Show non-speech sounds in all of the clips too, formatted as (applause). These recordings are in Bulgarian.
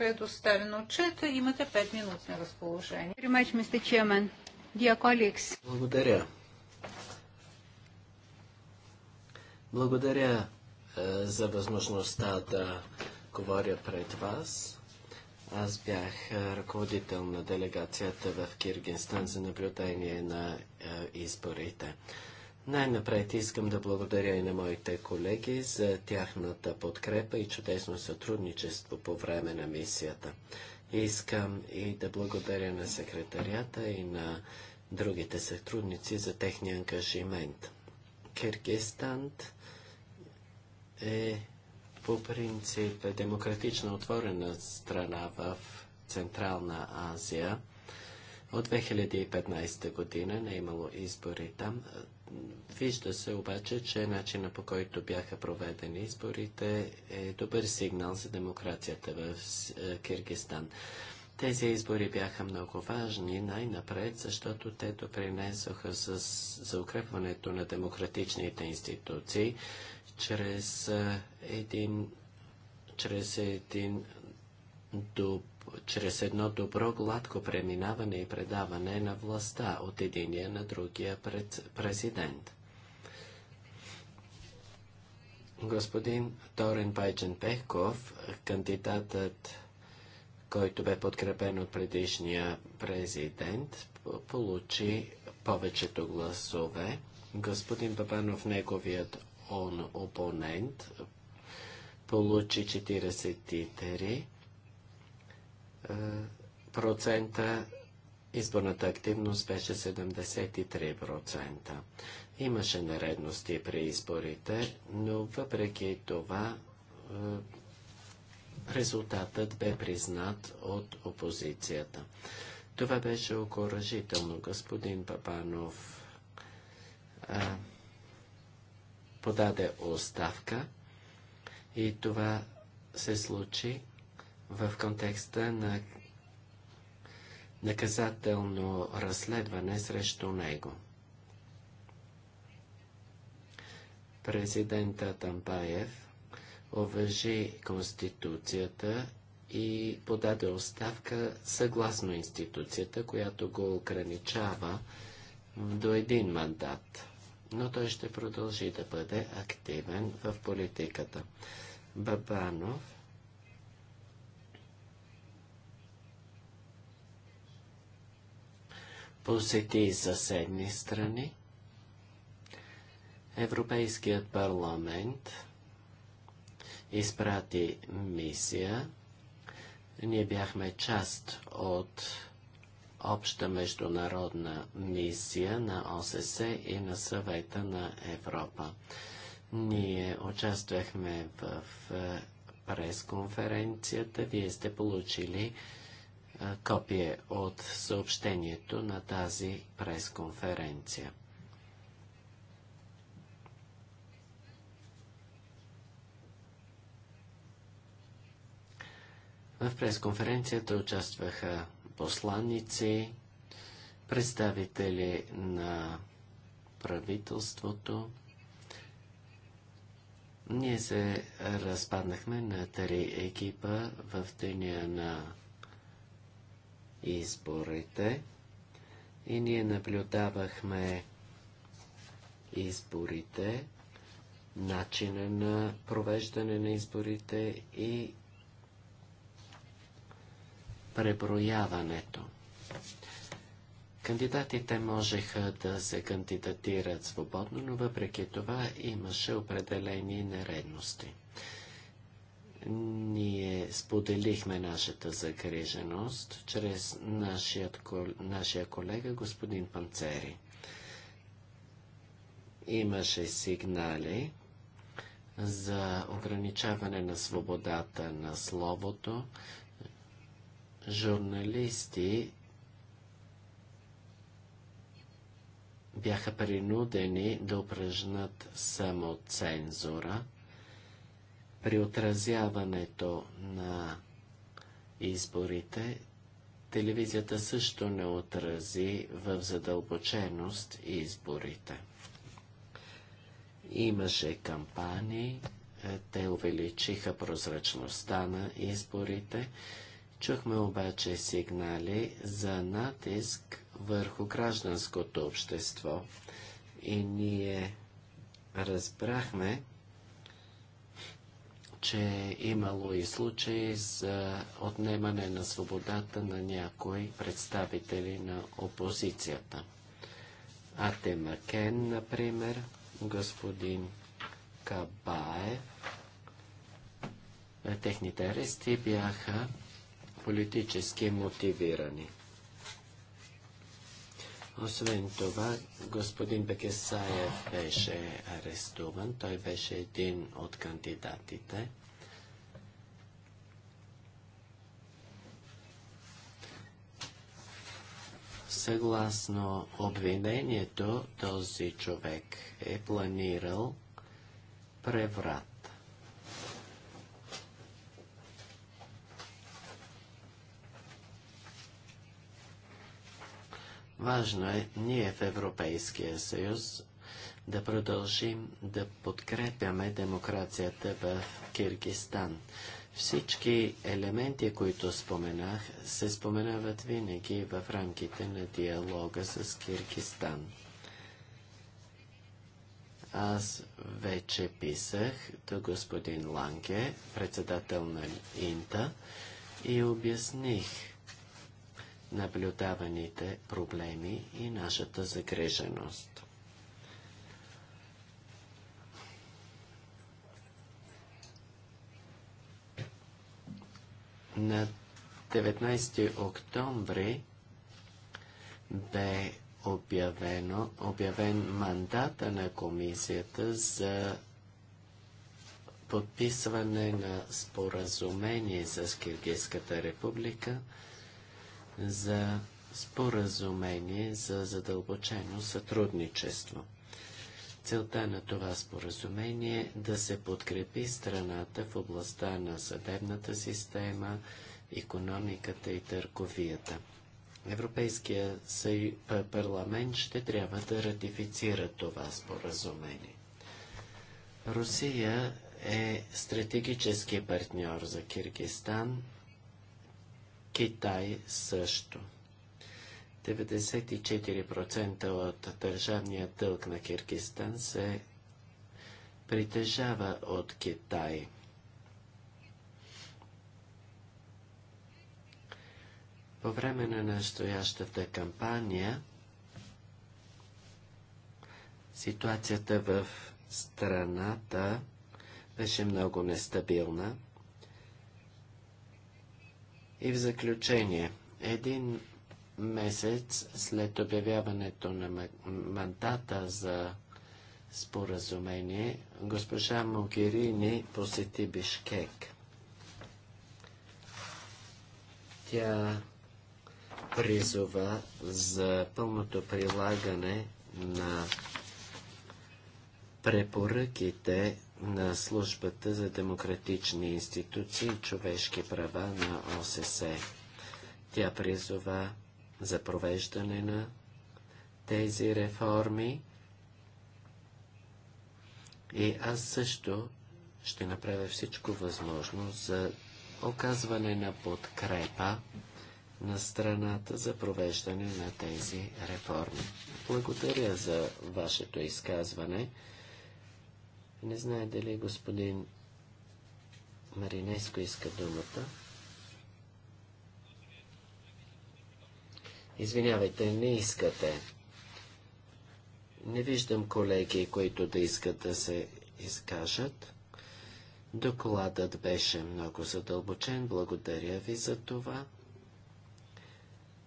предоставен отчет. Имате 5 минути на разположение. Благодаря. Благодаря е, за възможността да говоря пред вас. Аз бях е, ръководител на делегацията в Киргинстан за наблюдение на е, изборите. Най-напред искам да благодаря и на моите колеги за тяхната подкрепа и чудесно сътрудничество по време на мисията. Искам и да благодаря на секретарията и на другите сътрудници за техния ангажимент. Киргистан е по принцип е демократично отворена страна в Централна Азия. От 2015 година не е имало избори там. Вижда се обаче, че начина по който бяха проведени изборите е добър сигнал за демокрацията в е, Киргистан. Тези избори бяха много важни най-напред, защото те допринесоха с, за укрепването на демократичните институции чрез е, един, чрез един доб чрез едно добро гладко преминаване и предаване на властта от единия на другия пред президент. Господин Торен Пайчен Пехков, кандидатът, който бе подкрепен от предишния президент, получи повечето гласове. Господин Бабанов, неговият он опонент, получи 43 процента изборната активност беше 73%. Имаше нередности при изборите, но въпреки това е, резултатът бе признат от опозицията. Това беше окоръжително. Господин Папанов а, е, подаде оставка и това се случи в контекста на наказателно разследване срещу него. Президента Тампаев уважи Конституцията и подаде оставка съгласно институцията, която го ограничава до един мандат. Но той ще продължи да бъде активен в политиката. Бабанов посети и съседни страни. Европейският парламент изпрати мисия. Ние бяхме част от обща международна мисия на ОССЕ и на съвета на Европа. Ние участвахме в е, пресконференцията. Вие сте получили копие от съобщението на тази пресконференция. В пресконференцията участваха посланници, представители на правителството. Ние се разпаднахме на три екипа в деня на изборите и ние наблюдавахме изборите, начина на провеждане на изборите и преброяването. Кандидатите можеха да се кандидатират свободно, но въпреки това имаше определени нередности ние споделихме нашата загриженост чрез нашият, нашия колега господин Панцери. Имаше сигнали за ограничаване на свободата на словото. Журналисти бяха принудени да упражнат самоцензура. цензура при отразяването на изборите, телевизията също не отрази в задълбоченост изборите. Имаше кампании, е, те увеличиха прозрачността на изборите. Чухме обаче сигнали за натиск върху гражданското общество и ние разбрахме, че е имало и случаи за отнемане на свободата на някои представители на опозицията. Ате Макен, например, господин Кабаев. Техните арести бяха политически мотивирани. Освен това, господин Бекесаев беше арестуван. Той беше един от кандидатите. Съгласно обвинението, този човек е планирал преврат. Важно е ние в Европейския съюз да продължим да подкрепяме демокрацията в Киргистан. Всички елементи, които споменах, се споменават винаги в рамките на диалога с Киргистан. Аз вече писах до господин Ланке, председател на Инта, и обясних наблюдаваните проблеми и нашата загреженост. На 19 октомври бе обявено, обявен мандата на комисията за подписване на споразумение с Киргизската република – за споразумение за задълбочено сътрудничество. Целта на това споразумение е да се подкрепи страната в областта на съдебната система, економиката и търговията. Европейския съю... парламент ще трябва да ратифицира това споразумение. Русия е стратегически партньор за Киргистан Китай също. 94% от държавния дълг на Киргистан се притежава от Китай. По време на настоящата кампания ситуацията в страната беше много нестабилна. И в заключение, един месец след обявяването на мандата за споразумение, госпожа Могерини посети Бишкек. Тя призова за пълното прилагане на препоръките на службата за демократични институции и човешки права на ОССЕ. Тя призова за провеждане на тези реформи и аз също ще направя всичко възможно за оказване на подкрепа на страната за провеждане на тези реформи. Благодаря за вашето изказване. Не знае дали господин Маринеско иска думата. Извинявайте, не искате. Не виждам колеги, които да искат да се изкажат. Докладът беше много задълбочен. Благодаря ви за това.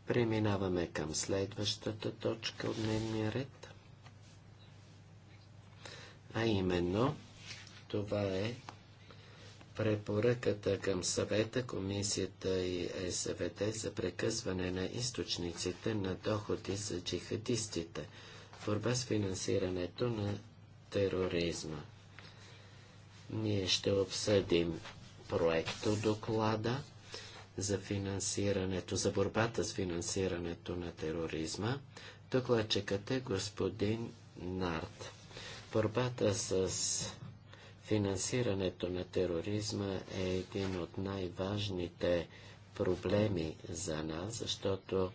Преминаваме към следващата точка от дневния ред. А именно, това е препоръката към съвета, комисията и СВТ за прекъсване на източниците на доходи за джихадистите, борба с финансирането на тероризма. Ние ще обсъдим проекто доклада за финансирането, за борбата с финансирането на тероризма. Докладчикът е господин Нарт. Борбата с финансирането на тероризма е един от най-важните проблеми за нас, защото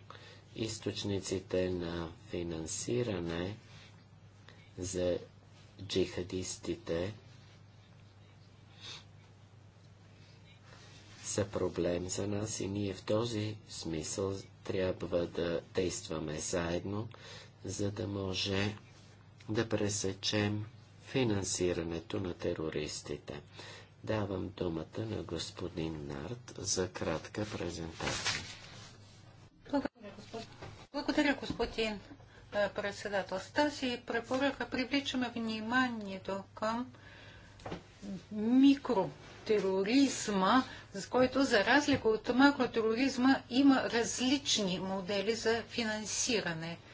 източниците на финансиране за джихадистите са проблем за нас и ние в този смисъл трябва да действаме заедно, за да може да пресечем финансирането на терористите. Давам думата на господин Нарт за кратка презентация. Благодаря, господин, Благодаря, господин е, председател. С тази препоръка привличаме вниманието към микротероризма, с който за разлика от макротероризма има различни модели за финансиране –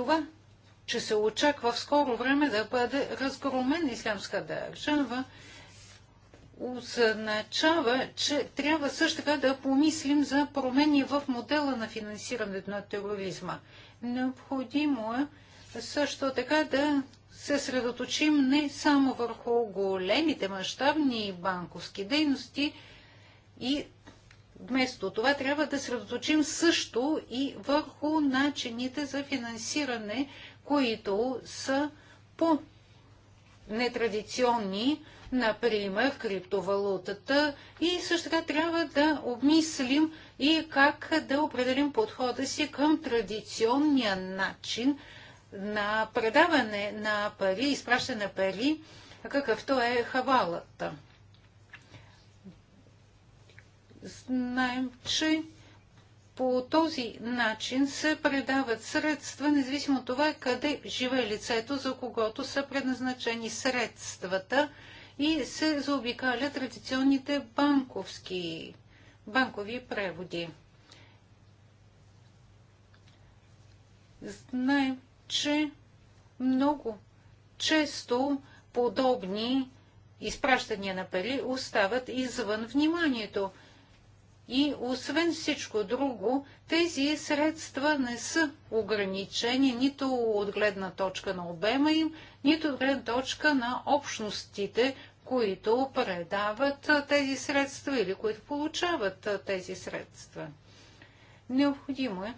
това, че се очаква в скоро време да бъде разгромен ислямска държава, означава, че трябва също така да помислим за промени в модела на финансирането на тероризма. Необходимо е също така да се средоточим не само върху големите мащабни банковски дейности и Вместо това трябва да средоточим също и върху начините за финансиране, които са по-нетрадиционни, например криптовалутата. И също така трябва да обмислим и как да определим подхода си към традиционния начин на предаване на пари, изпращане на пари, какъвто е хавалата знаем, че по този начин се предават средства, независимо от това къде живее лицето, за когото са предназначени средствата и се заобикаля традиционните банковски, банкови преводи. Знаем, че много често подобни изпращания на пари остават извън вниманието – и освен всичко друго, тези средства не са ограничени нито от гледна точка на обема им, нито от гледна точка на общностите, които предават тези средства или които получават тези средства. Необходимо е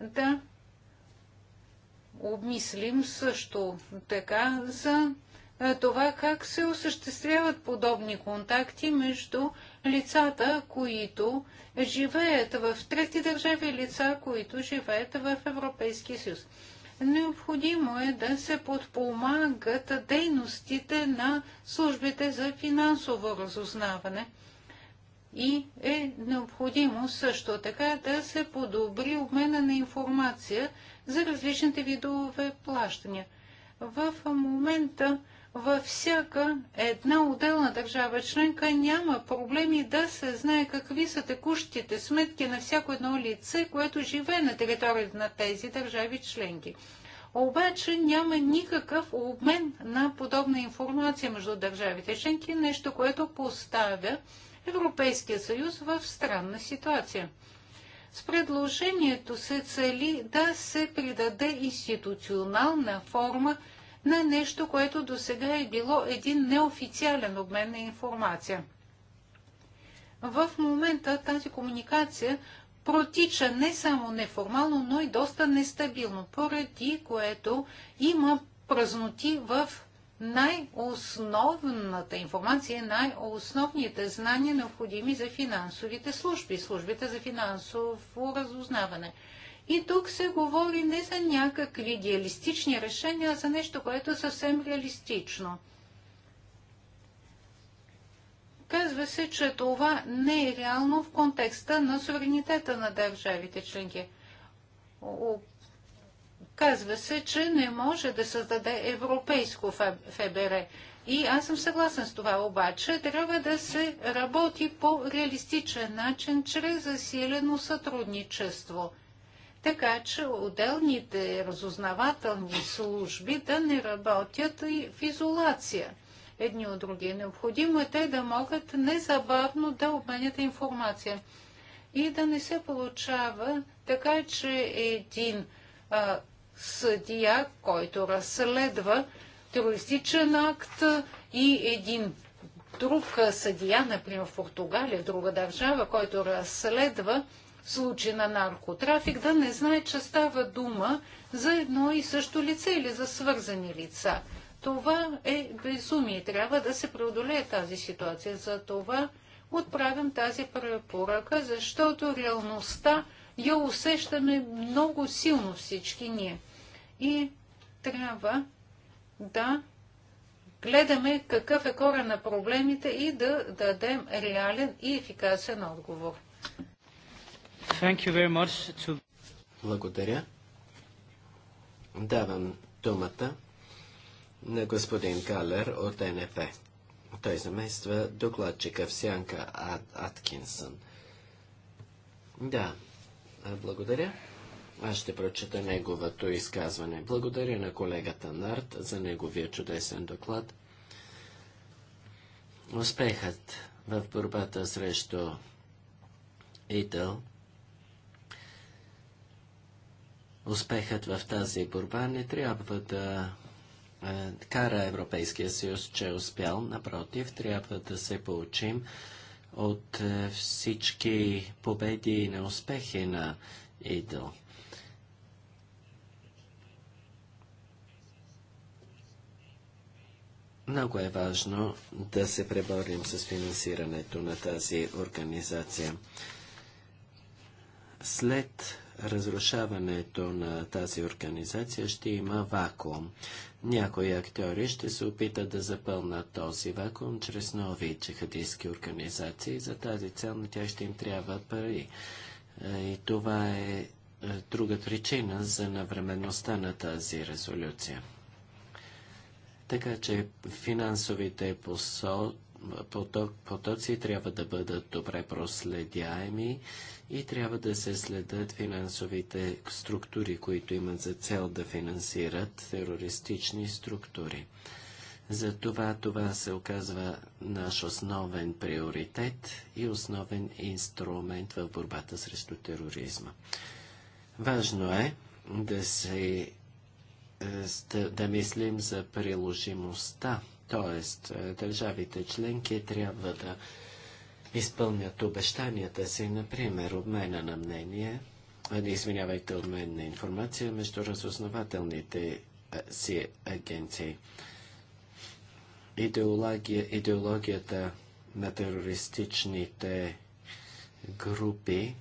да обмислим също така за е, това как се осъществяват подобни контакти между лицата, които живеят в трети държави, лица, които живеят в Европейския съюз. Необходимо е да се подпомагат дейностите на службите за финансово разузнаване и е необходимо също така да се подобри обмена на информация за различните видове плащания. В момента във всяка една отделна държава членка няма проблеми да се знае какви са текущите сметки на всяко едно лице, което живее на територията на тези държави членки. Обаче няма никакъв обмен на подобна информация между държавите членки, нещо, което поставя Европейския съюз в странна ситуация. С предложението се цели да се придаде институционална форма на нещо, което до сега е било един неофициален обмен на информация. В момента тази комуникация протича не само неформално, но и доста нестабилно, поради което има празноти в най-основната информация, най-основните знания, необходими за финансовите служби, службите за финансово разузнаване – и тук се говори не за някакви идеалистични решения, а за нещо, което е съвсем реалистично. Казва се, че това не е реално в контекста на суверенитета на държавите членки. Казва се, че не може да създаде европейско ФБР. И аз съм съгласен с това, обаче трябва да се работи по реалистичен начин, чрез засилено сътрудничество – така че отделните разузнавателни служби да не работят и в изолация едни от други. Необходимо е те да могат незабавно да обменят информация и да не се получава така, че един а, съдия, който разследва терористичен акт и един друг съдия, например в Португалия, в друга държава, който разследва случай на наркотрафик, да не знае, че става дума за едно и също лице или за свързани лица. Това е безумие. Трябва да се преодолее тази ситуация. За това отправям тази препоръка, защото реалността я усещаме много силно всички ние. И трябва да гледаме какъв е кора на проблемите и да дадем реален и ефикасен отговор. Thank you very much to... Благодаря. Давам думата на господин Калер от НФ. Той замества докладчика в сянка Ад Аткинсън. Да, благодаря. Аз ще прочета неговото изказване. Благодаря на колегата Нарт за неговия чудесен доклад. Успехът в борбата срещу ИТАЛ Успехът в тази борба не трябва да е, кара Европейския съюз, че е успял. Напротив, трябва да се получим от е, всички победи и неуспехи на ИДО. Много е важно да се преборим с финансирането на тази организация. След разрушаването на тази организация ще има вакуум. Някои актьори ще се опитат да запълнат този вакуум чрез нови джихадистски организации. За тази цел на тях ще им трябва пари. Е, и това е, е друга причина за навременността на тази резолюция. Така че финансовите посол потоци трябва да бъдат добре проследяеми и трябва да се следят финансовите структури, които имат за цел да финансират терористични структури. Затова това се оказва наш основен приоритет и основен инструмент в борбата срещу тероризма. Важно е да, се, е, да мислим за приложимостта Тоест, е, държавите членки трябва да изпълнят обещанията си, например, обмена на мнение, извинявайте, обмен на информация между разузнавателните си агенции. Идеология, идеологията на терористичните групи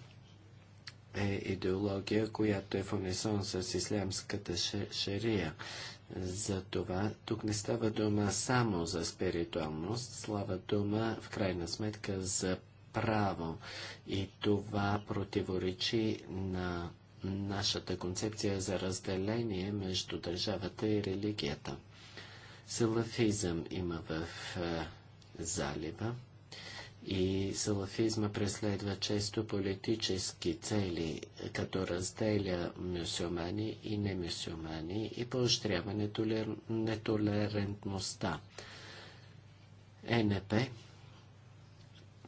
е идеология, която е в унисон с ислямската шария. За това тук не става дума само за спиритуалност, слава дума в крайна сметка за право. И това противоречи на нашата концепция за разделение между държавата и религията. Салафизъм има в е, залива и салафизма преследва често политически цели, като разделя мюсюлмани и немюсюлмани и поощрява нетолер... нетолерантността. Е НП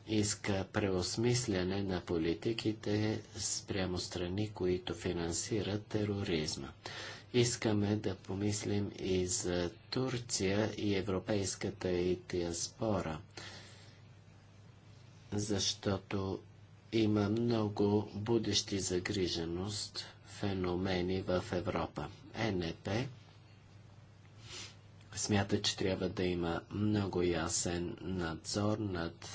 иска преосмисляне на политиките спрямо страни, които финансират тероризма. Искаме да помислим и за Турция и европейската и диаспора. спора защото има много будещи загриженост феномени в Европа. ЕНП смята, че трябва да има много ясен надзор над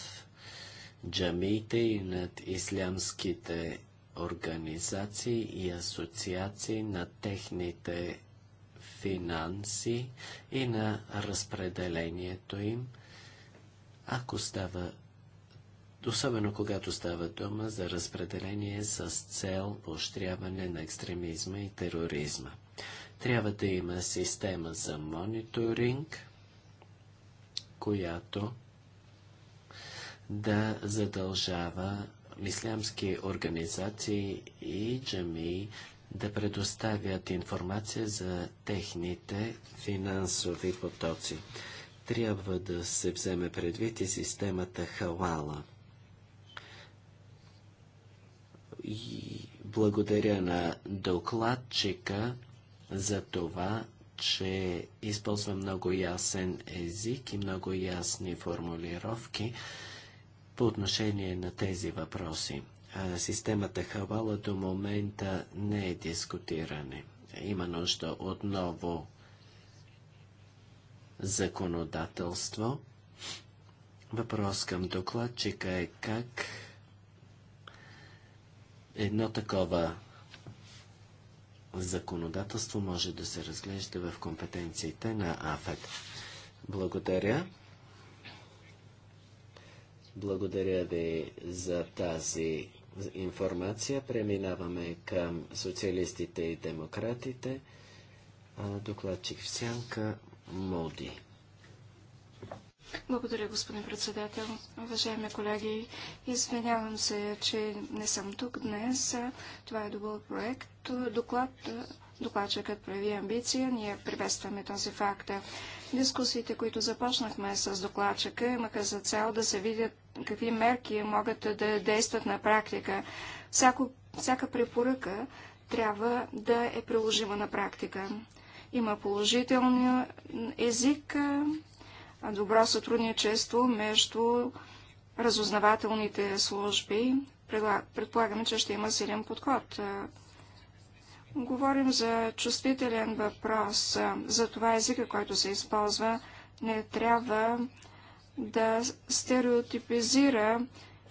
джамиите и над ислямските организации и асоциации на техните финанси и на разпределението им, ако става особено когато става дума за разпределение с цел поощряване на екстремизма и тероризма. Трябва да има система за мониторинг, която да задължава ислямски организации и джамии да предоставят информация за техните финансови потоци. Трябва да се вземе предвид и системата Хавала – и благодаря на докладчика за това, че използва много ясен език и много ясни формулировки по отношение на тези въпроси. системата Хавала до момента не е дискутиране. Има нужда отново законодателство. Въпрос към докладчика е как Едно такова законодателство може да се разглежда в компетенциите на АФЕД. Благодаря. Благодаря ви за тази информация. Преминаваме към социалистите и демократите. Докладчик в сянка Моди. Благодаря, господин председател. Уважаеми колеги, извинявам се, че не съм тук днес. Това е добър проект. Доклад, докладчикът прави амбиция. Ние приветстваме този факт. Дискусиите, които започнахме с докладчика, имаха за цел да се видят какви мерки могат да действат на практика. Всяко, всяка препоръка трябва да е приложима на практика. Има положителния език добро сътрудничество между разузнавателните служби. Предполагаме, че ще има силен подход. Говорим за чувствителен въпрос, за това езика, който се използва, не трябва да стереотипизира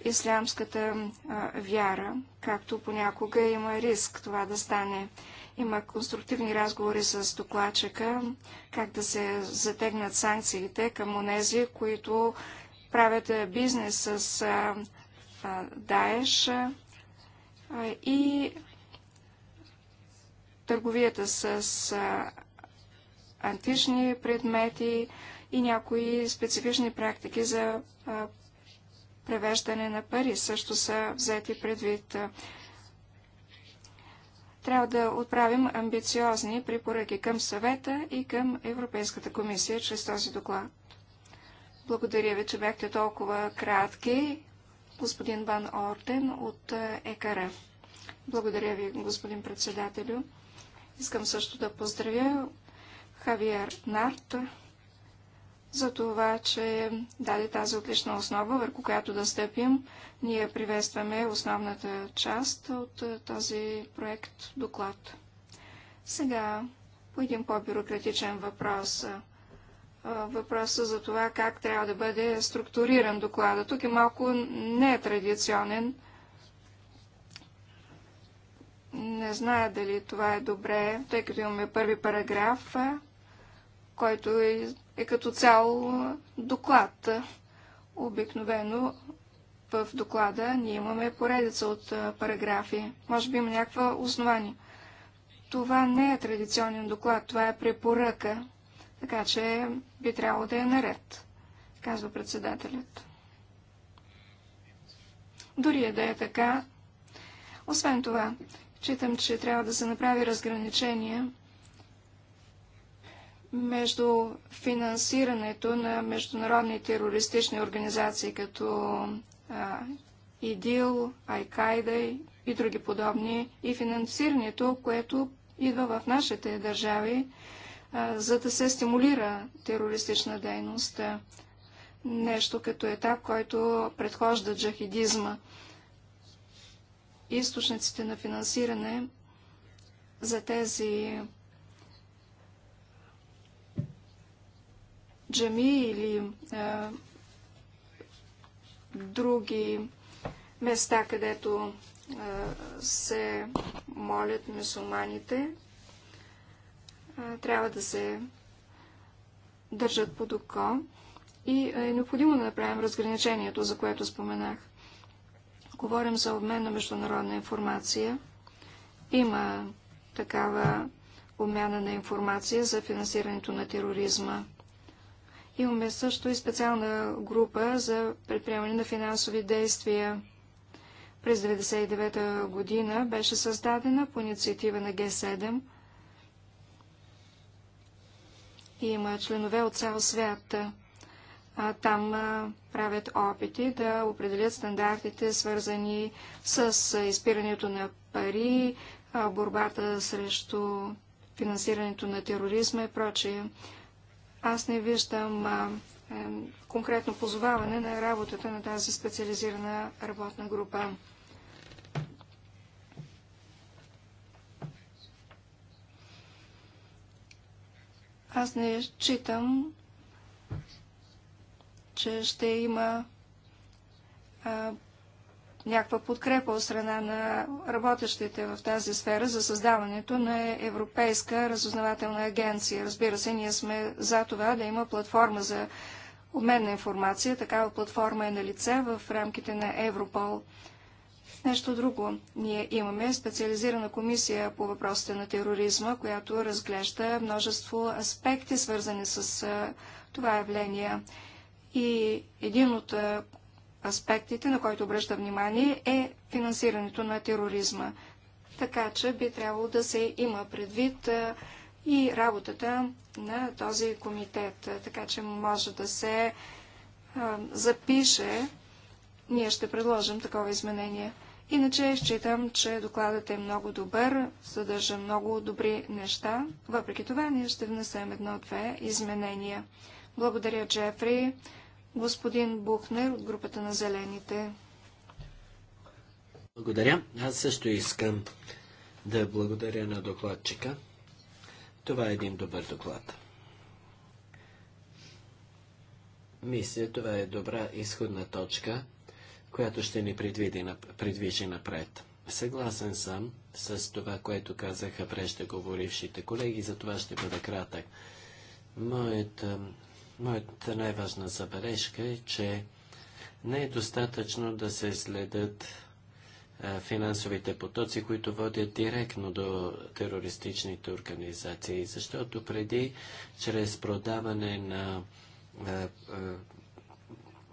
ислямската вяра, както понякога има риск това да стане. Има конструктивни разговори с докладчика, как да се затегнат санкциите към онези, които правят бизнес с Даеш и търговията с антични предмети и някои специфични практики за превеждане на пари също са взети предвид трябва да отправим амбициозни препоръки към съвета и към Европейската комисия чрез този доклад. Благодаря ви, че бяхте толкова кратки, господин Бан Орден от е, ЕКР. Благодаря ви, господин председателю. Искам също да поздравя Хавиер Нарт, за това, че даде тази отлична основа, върху която да стъпим. Ние приветстваме основната част от е, този проект доклад. Сега по един по-бюрократичен въпрос. Е, въпроса за това как трябва да бъде структуриран доклада. Тук е малко нетрадиционен. Не зная дали това е добре, тъй като имаме първи параграф, е, който е е като цяло доклад. Обикновено в доклада ние имаме поредица от параграфи. Може би има някаква основание. Това не е традиционен доклад, това е препоръка, така че би трябвало да е наред, казва председателят. Дори е да е така. Освен това, читам, че трябва да се направи разграничение между финансирането на международни терористични организации, като ИДИЛ, Айкайда и други подобни, и финансирането, което идва в нашите държави, за да се стимулира терористична дейност. Нещо като етап, който предхожда джахидизма. Източниците на финансиране за тези джами или а, други места, където а, се молят мусулманите, трябва да се държат под око и е необходимо да направим разграничението, за което споменах. Говорим за обмен на международна информация. Има такава обмяна на информация за финансирането на тероризма. Имаме също и специална група за предприемане на финансови действия. През 1999 година беше създадена по инициатива на Г7 и има членове от цял свят. там правят опити да определят стандартите, свързани с изпирането на пари, борбата срещу финансирането на тероризма и прочее. Аз не виждам а, е, конкретно позоваване на работата на тази специализирана работна група. Аз не считам, че ще има а, някаква подкрепа от страна на работещите в тази сфера за създаването на Европейска разузнавателна агенция. Разбира се, ние сме за това да има платформа за обмен на информация. Такава платформа е на лице в рамките на Европол. Нещо друго. Ние имаме специализирана комисия по въпросите на тероризма, която разглежда множество аспекти, свързани с това явление. И един от аспектите, на който обръща внимание, е финансирането на тероризма. Така че би трябвало да се има предвид и работата на този комитет. Така че може да се запише. Ние ще предложим такова изменение. Иначе считам, че докладът е много добър, съдържа много добри неща. Въпреки това, ние ще внесем едно-две изменения. Благодаря, Джефри. Господин Бухнер от групата на Зелените. Благодаря. Аз също искам да благодаря на докладчика. Това е един добър доклад. Мисля, това е добра изходна точка, която ще ни предвижи напред. Съгласен съм с това, което казаха преждеговорившите колеги, за това ще бъда кратък. Моята Моята най-важна забележка е, че не е достатъчно да се следят финансовите потоци, които водят директно до терористичните организации, защото преди, чрез продаване на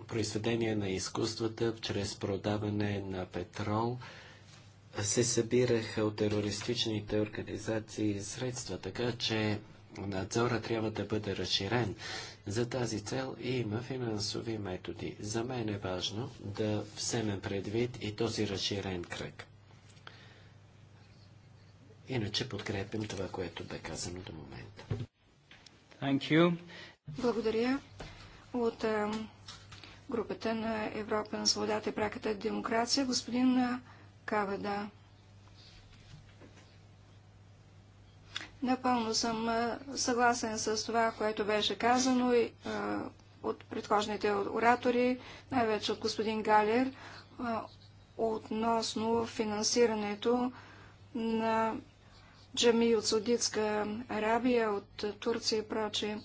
произведения на изкуствата, чрез продаване на петрол, се събираха от терористичните организации средства, така че надзора трябва да бъде разширен, за тази цел има финансови методи. За мен е важно да вземем предвид и този разширен кръг. Иначе подкрепим това, което бе казано до момента. Thank you. Благодаря. От а, групата на Европа на свободата и праката демокрация, господин Кавада. Напълно съм съгласен с това, което беше казано и, от предхожните оратори, най-вече от господин Галер, относно финансирането на джами от Саудитска Арабия, от Турция и прочее.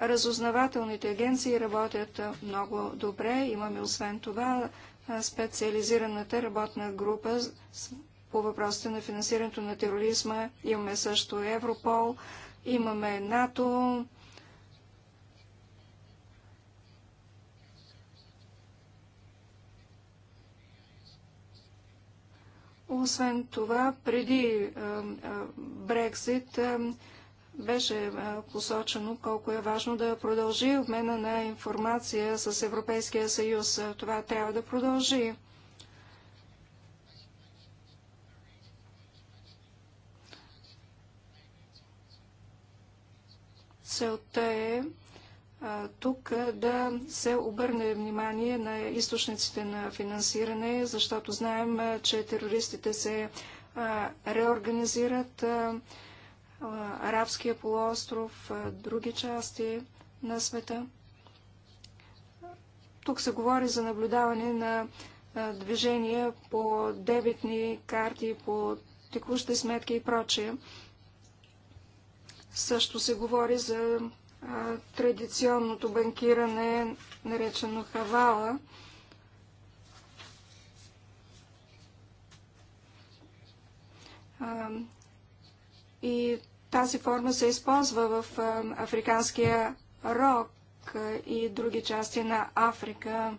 Разузнавателните агенции работят много добре. Имаме освен това специализираната работна група по въпросите на финансирането на тероризма. Имаме също Европол, имаме НАТО. Освен това, преди е, е, Брекзит е, беше посочено колко е важно да продължи обмена на информация с Европейския съюз. Това трябва да продължи. Целта е тук да се обърне внимание на източниците на финансиране, защото знаем, че терористите се реорганизират арабския полуостров, други части на света. Тук се говори за наблюдаване на движения по дебитни карти, по текущи сметки и прочие. Също се говори за а, традиционното банкиране, наречено хавала. А, и тази форма се използва в а, африканския рок и други части на Африка.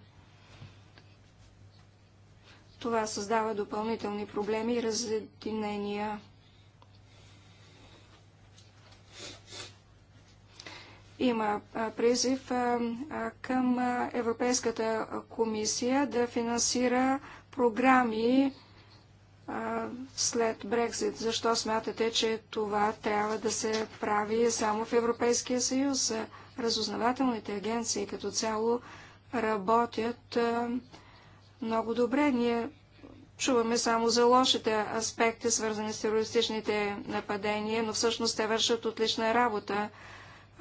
Това създава допълнителни проблеми и разединения. Има призив към Европейската комисия да финансира програми след Брекзит. Защо смятате, че това трябва да се прави само в Европейския съюз? Разузнавателните агенции като цяло работят много добре. Ние чуваме само за лошите аспекти, свързани с терористичните нападения, но всъщност те вършат отлична работа.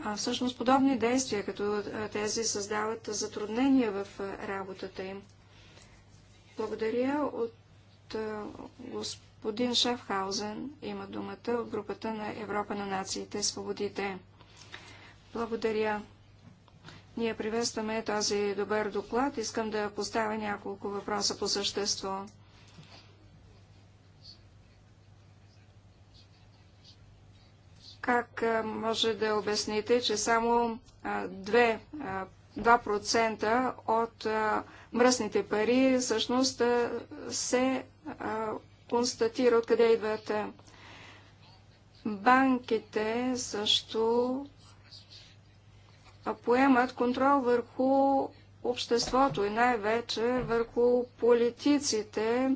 А всъщност подобни действия, като тези, създават затруднения в работата им. Благодаря от господин Шафхаузен. Има думата от групата на Европа на нациите и свободите. Благодаря. Ние приветстваме този добър доклад. Искам да поставя няколко въпроса по същество. Как може да обясните, че само 2, от мръсните пари всъщност се констатира откъде идват? Банките също поемат контрол върху обществото и най-вече върху политиците.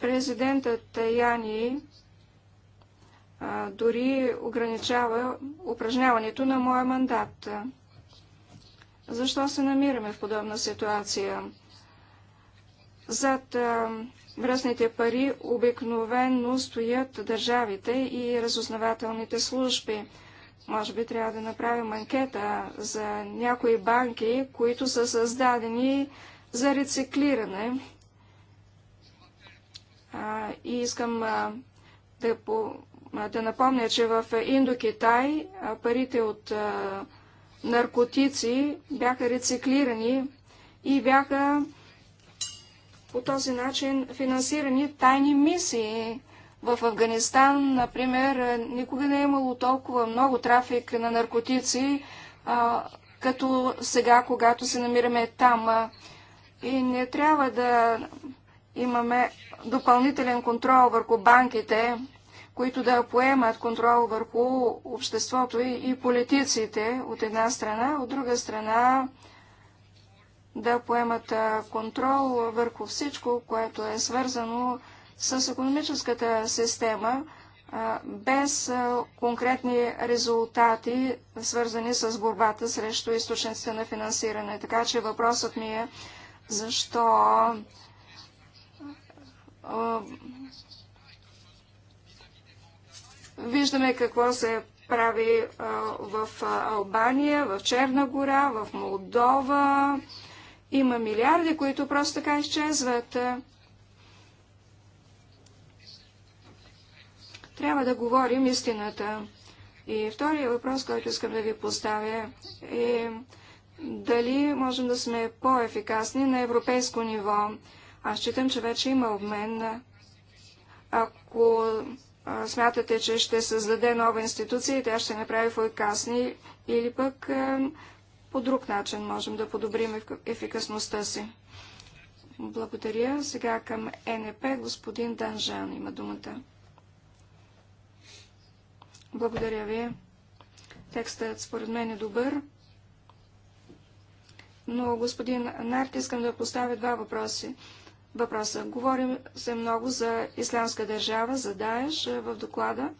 Президентът Таяни дори ограничава упражняването на моя мандат. Защо се намираме в подобна ситуация? Зад връзните пари обикновенно стоят държавите и разузнавателните служби. Може би трябва да направим анкета за някои банки, които са създадени за рециклиране. А, и искам а, да по да напомня, че в Индокитай парите от наркотици бяха рециклирани и бяха по този начин финансирани тайни мисии. В Афганистан, например, никога не е имало толкова много трафик на наркотици, като сега, когато се намираме там. И не трябва да имаме допълнителен контрол върху банките, които да поемат контрол върху обществото и политиците от една страна, от друга страна да поемат контрол върху всичко, което е свързано с економическата система, без конкретни резултати, свързани с борбата срещу източниците на финансиране. Така че въпросът ми е защо Виждаме какво се прави а, в Албания, в Черна гора, в Молдова. Има милиарди, които просто така изчезват. Трябва да говорим истината. И втория въпрос, който искам да ви поставя е дали можем да сме по-ефикасни на европейско ниво. Аз считам, че вече има обмен. Ако смятате, че ще създаде нова институция и тя ще направи фойкасни или пък е, по друг начин можем да подобрим ефикасността си. Благодаря. Сега към НП господин Данжан има думата. Благодаря ви. Текстът според мен е добър. Но, господин Нарт, искам да поставя два въпроси въпроса. Говорим се много за Исламска държава, за Даеш е, в доклада,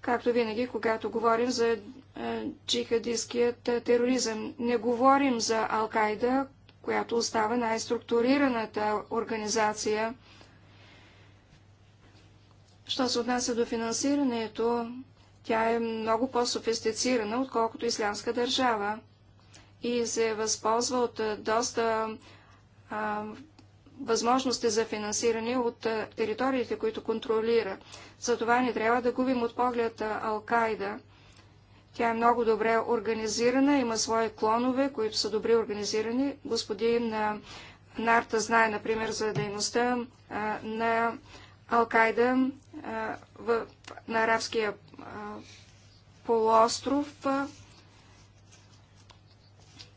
както винаги, когато говорим за е, джихадистският е, тероризъм. Не говорим за Алкайда, която остава най-структурираната организация. Що се отнася до финансирането, тя е много по-софистицирана, отколкото Ислямска държава и се възползва от доста а, възможности за финансиране от териториите, които контролира. Затова не трябва да губим от поглед Алкайда. Тя е много добре организирана, има свои клонове, които са добре организирани. Господин Нарта знае, например, за дейността на Алкайда в, на арабския полуостров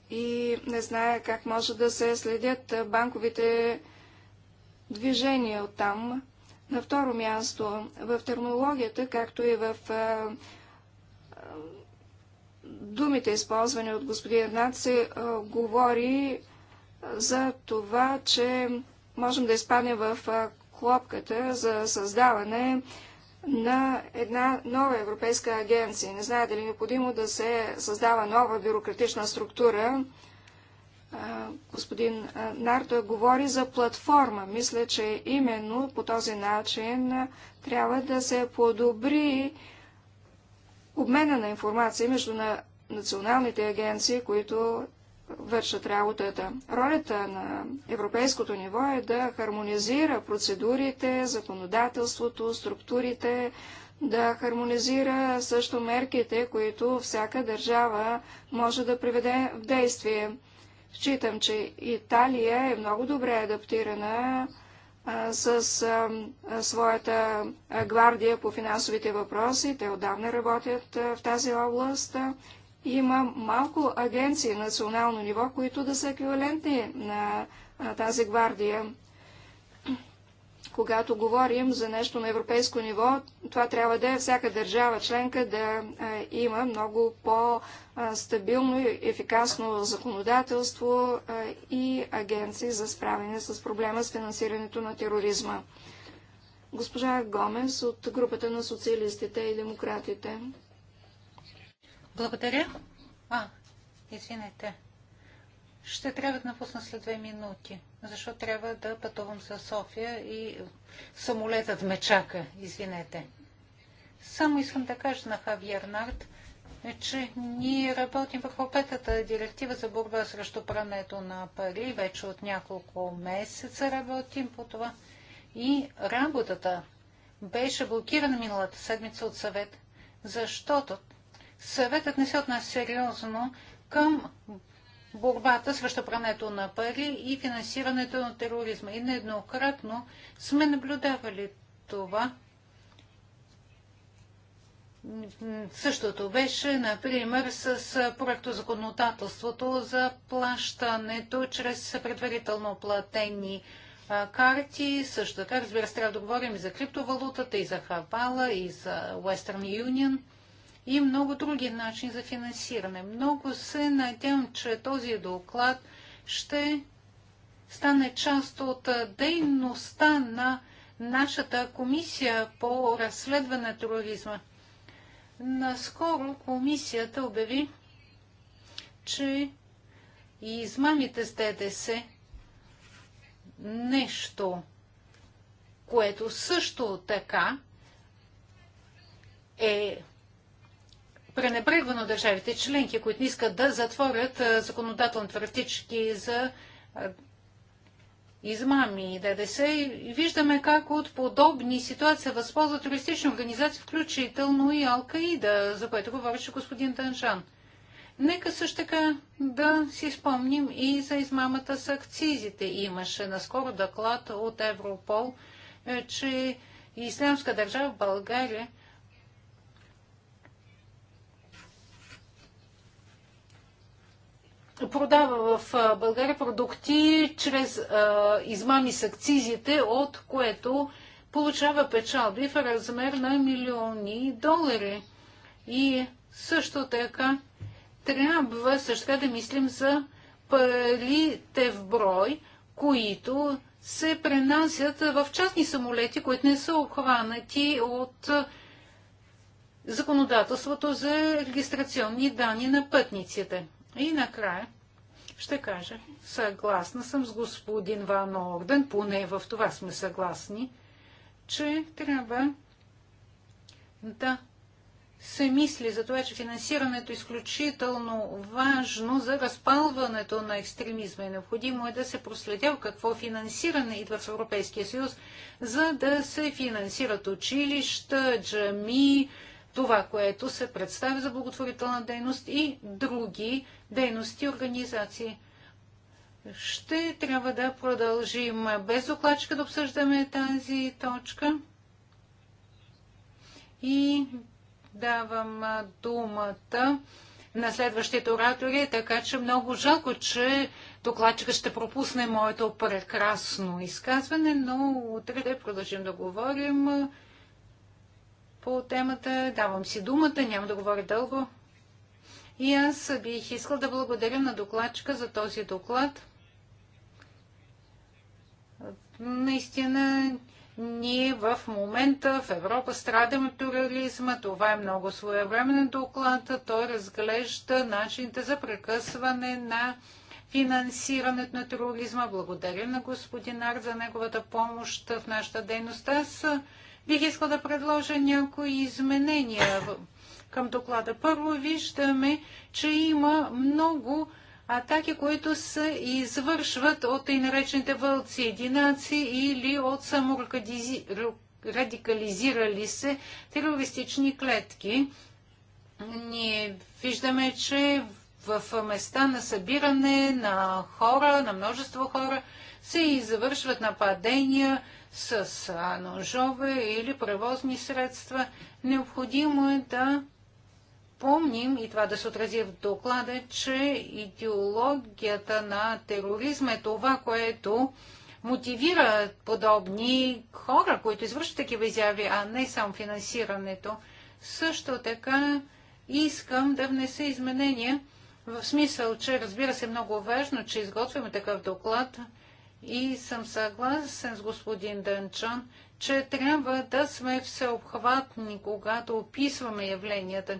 и не знае как може да се следят банковите движение от там. На второ място, в терминологията, както и в думите, използвани от господин Над, се говори за това, че можем да изпаднем в клопката за създаване на една нова европейска агенция. Не знаете ли е необходимо да се създава нова бюрократична структура, господин Нарто е говори за платформа. Мисля, че именно по този начин трябва да се подобри обмена на информация между на националните агенции, които вършат работата. Ролята на европейското ниво е да хармонизира процедурите, законодателството, структурите, да хармонизира също мерките, които всяка държава може да приведе в действие. Считам, че Италия е много добре адаптирана с своята гвардия по финансовите въпроси. Те отдавна работят в тази област. Има малко агенции национално ниво, които да са еквивалентни на тази гвардия когато говорим за нещо на европейско ниво, това трябва да е всяка държава членка да е, има много по-стабилно и ефикасно законодателство е, и агенции за справяне с проблема с финансирането на тероризма. Госпожа Гомес от групата на социалистите и демократите. Благодаря. А, извинете. Ще трябва да напусна след две минути, защото трябва да пътувам за София и самолетът ме чака, извинете. Само искам да кажа на Хавиер Нарт, че ние работим върху петата директива за борба срещу прането на пари. Вече от няколко месеца работим по това. И работата беше блокирана миналата седмица от съвет, защото съветът не се отнася сериозно към борбата срещу прането на пари и финансирането на тероризма. И нееднократно сме наблюдавали това. Същото беше, например, с законодателството за плащането чрез предварително платени карти. Също така, разбира се, трябва да говорим и за криптовалутата, и за Хавала, и за Western Union – и много други начини за финансиране. Много се надявам, че този доклад ще стане част от дейността на нашата комисия по разследване на тероризма. Наскоро комисията обяви, че и измамите с ДДС нещо, което също така е пренебрегвано държавите членки, които не искат да затворят законодателните вратички за измами и ДДС. И виждаме как от подобни ситуации възползват туристични организации, включително и Алкаида, за което говореше господин Данжан. Нека също така да си спомним и за измамата с акцизите. Имаше наскоро доклад от Европол, е, че Ислямска държава в България продава в България продукти чрез измами с акцизите, от което получава печалби в размер на милиони долари. И също така трябва също така да мислим за парите в брой, които се пренасят в частни самолети, които не са обхванати от законодателството за регистрационни данни на пътниците. И накрая ще кажа, съгласна съм с господин Ван Орден, поне в това сме съгласни, че трябва да се мисли за това, че финансирането е изключително важно за разпалването на екстремизма и необходимо е да се проследява какво финансиране идва в Европейския съюз, за да се финансират училища, джами, това, което се представя за благотворителна дейност и други дейности и организации. Ще трябва да продължим без докладчика да обсъждаме тази точка. И давам думата на следващите оратори, така че много жалко, че докладчика ще пропусне моето прекрасно изказване, но утре да продължим да говорим по темата. Давам си думата, няма да говоря дълго. И аз бих искал да благодаря на докладчика за този доклад. Наистина, ние в момента в Европа страдаме от плюрализма. Това е много своевременен доклад. Той разглежда начините за прекъсване на финансирането на тероризма. Благодаря на господин Арт за неговата помощ в нашата дейност. Аз Бих искал да предложа някои изменения към доклада. Първо виждаме, че има много атаки, които се извършват от и наречените вълци единаци или от саморадикализирали се терористични клетки. Ние виждаме, че в места на събиране на хора, на множество хора, се извършват нападения, с ножове или превозни средства. Необходимо е да помним и това да се отрази в доклада, че идеологията на тероризма е това, което мотивира подобни хора, които извършват такива изяви, а не само финансирането. Също така искам да внеса изменения в смисъл, че разбира се много важно, че изготвяме такъв доклад, и съм съгласен с господин Дънчан, че трябва да сме всеобхватни, когато описваме явленията.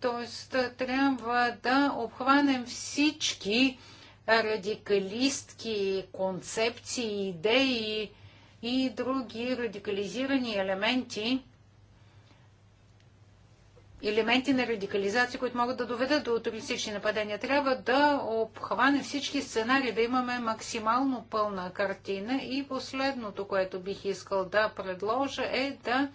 Тоест, трябва да обхванем всички радикалистки концепции, идеи и други радикализирани елементи, елементи на радикализация, които могат да доведат до терористични нападения. Трябва да обхване всички сценари, да имаме максимално пълна картина. И последното, което бих искал да предложа е да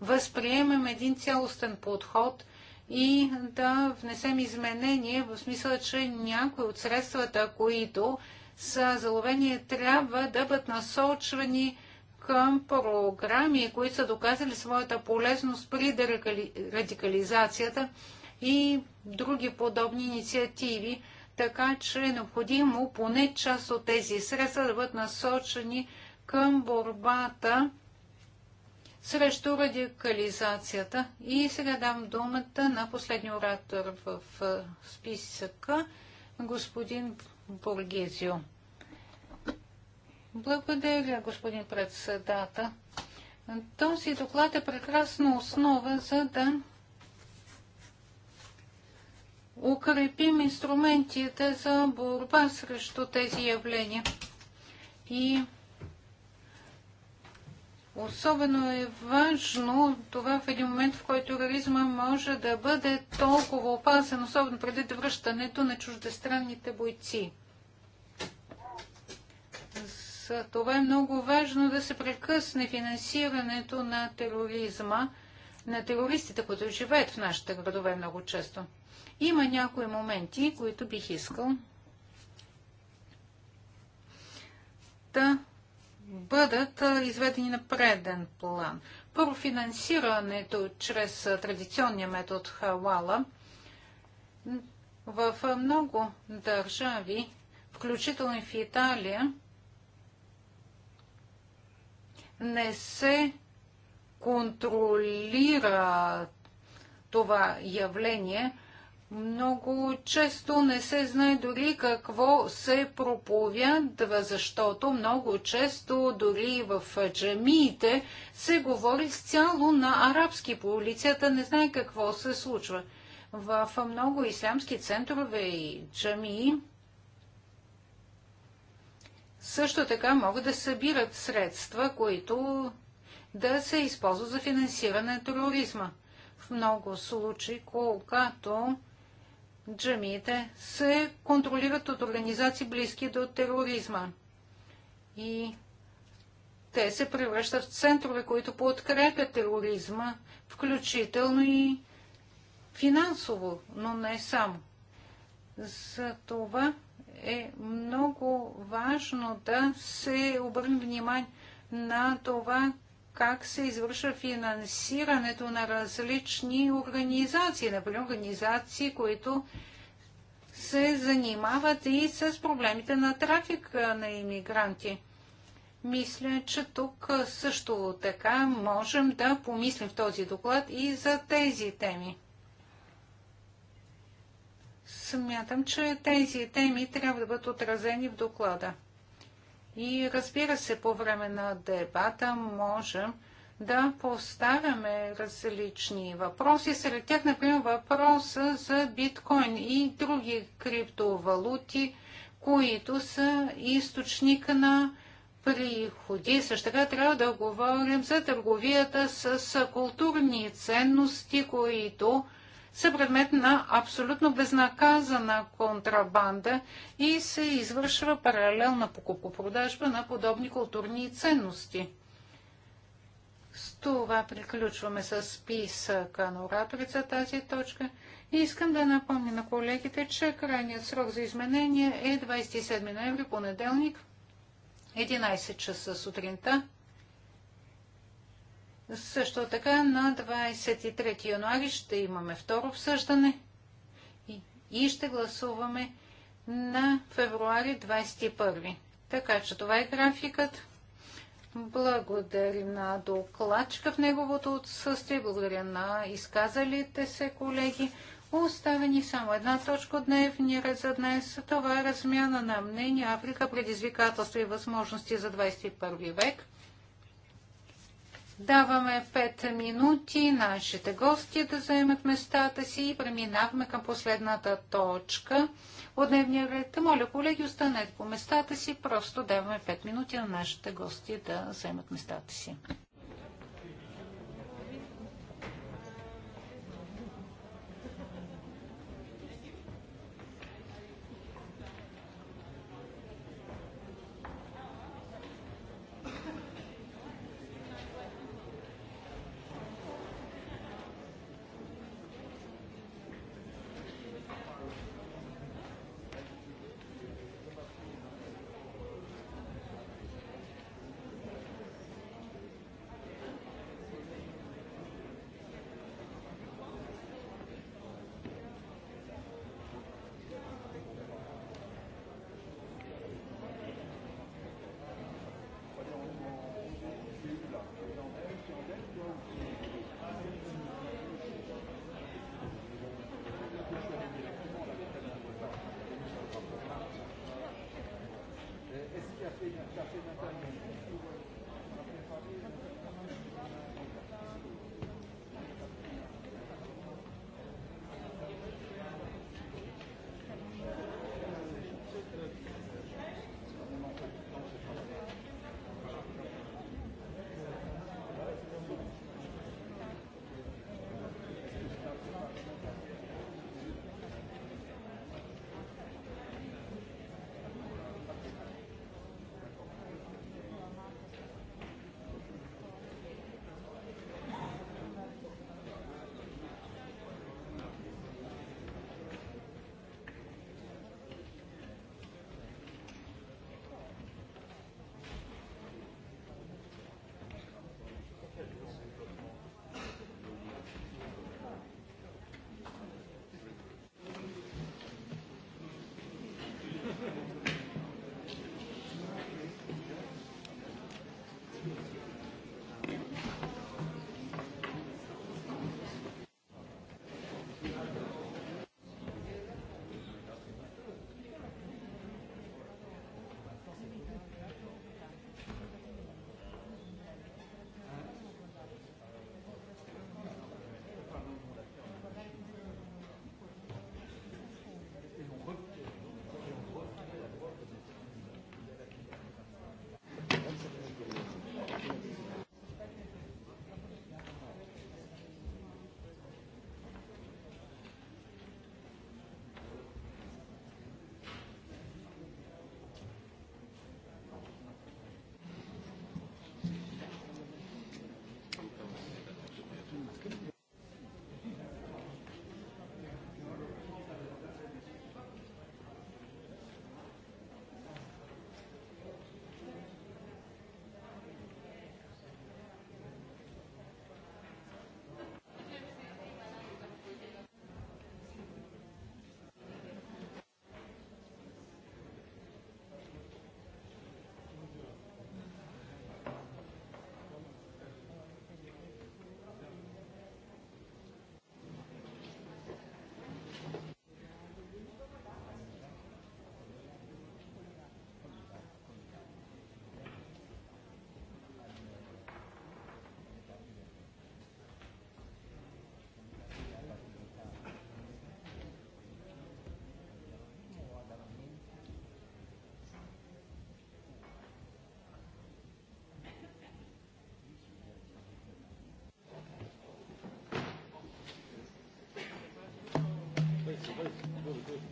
възприемем един цялостен подход и да внесем изменение в смисъл, че някои от средствата, които са заловени, трябва да бъдат насочвани към програми, които са доказали своята полезност при радикализацията и други подобни инициативи, така че е необходимо поне част от тези средства да бъдат насочени към борбата срещу радикализацията. И сега дам думата на последния оратор в списъка, господин Бургезио. Благодаря, господин председател. Този доклад е прекрасна основа, за да укрепим инструментите за борба срещу тези явления. И особено е важно това в един момент, в който реализма може да бъде толкова опасен, особено преди връщането на чуждестранните бойци. За това е много важно да се прекъсне финансирането на тероризма, на терористите, които живеят в нашите градове много често. Има някои моменти, които бих искал да бъдат изведени на преден план. Първо, финансирането чрез традиционния метод Хавала в много държави, включително и в Италия, не се контролира това явление, много често не се знае дори какво се проповядва, защото много често дори в джамиите се говори с цяло на арабски. Полицията не знае какво се случва. В много ислямски центрове и джамии също така могат да събират средства, които да се използват за финансиране на тероризма. В много случаи, когато джамиите се контролират от организации близки до тероризма. И те се превръщат в центрове, които подкрепят тероризма, включително и финансово, но не само. За това е много важно да се обърне внимание на това, как се извършва финансирането на различни организации, например организации, които се занимават и с проблемите на трафик на иммигранти. Мисля, че тук също така можем да помислим в този доклад и за тези теми. Смятам, че тези теми трябва да бъдат отразени в доклада. И разбира се, по време на дебата можем да поставяме различни въпроси. Сред тях, например, въпроса за биткоин и други криптовалути, които са източник на приходи. Също така трябва да говорим за търговията с културни ценности, които са предмет на абсолютно безнаказана контрабанда и се извършва паралелна покупко-продажба на подобни културни ценности. С това приключваме с списъка на ораторица тази точка. И искам да напомня на колегите, че крайният срок за изменение е 27 ноември, понеделник, 11 часа сутринта. Също така на 23 януари ще имаме второ обсъждане и ще гласуваме на февруари 21. Така че това е графикът. Благодарим на докладчика в неговото отсъствие. Благодаря на изказалите се колеги. Оставени само една точка от дневния ред за днес. Това е размяна на мнение Африка, предизвикателства и възможности за 21 век. Даваме 5 минути нашите гости да заемат местата си и преминаваме към последната точка от дневния ред. Моля, колеги, останете по местата си, просто даваме 5 минути на нашите гости да заемат местата си. Благодаря.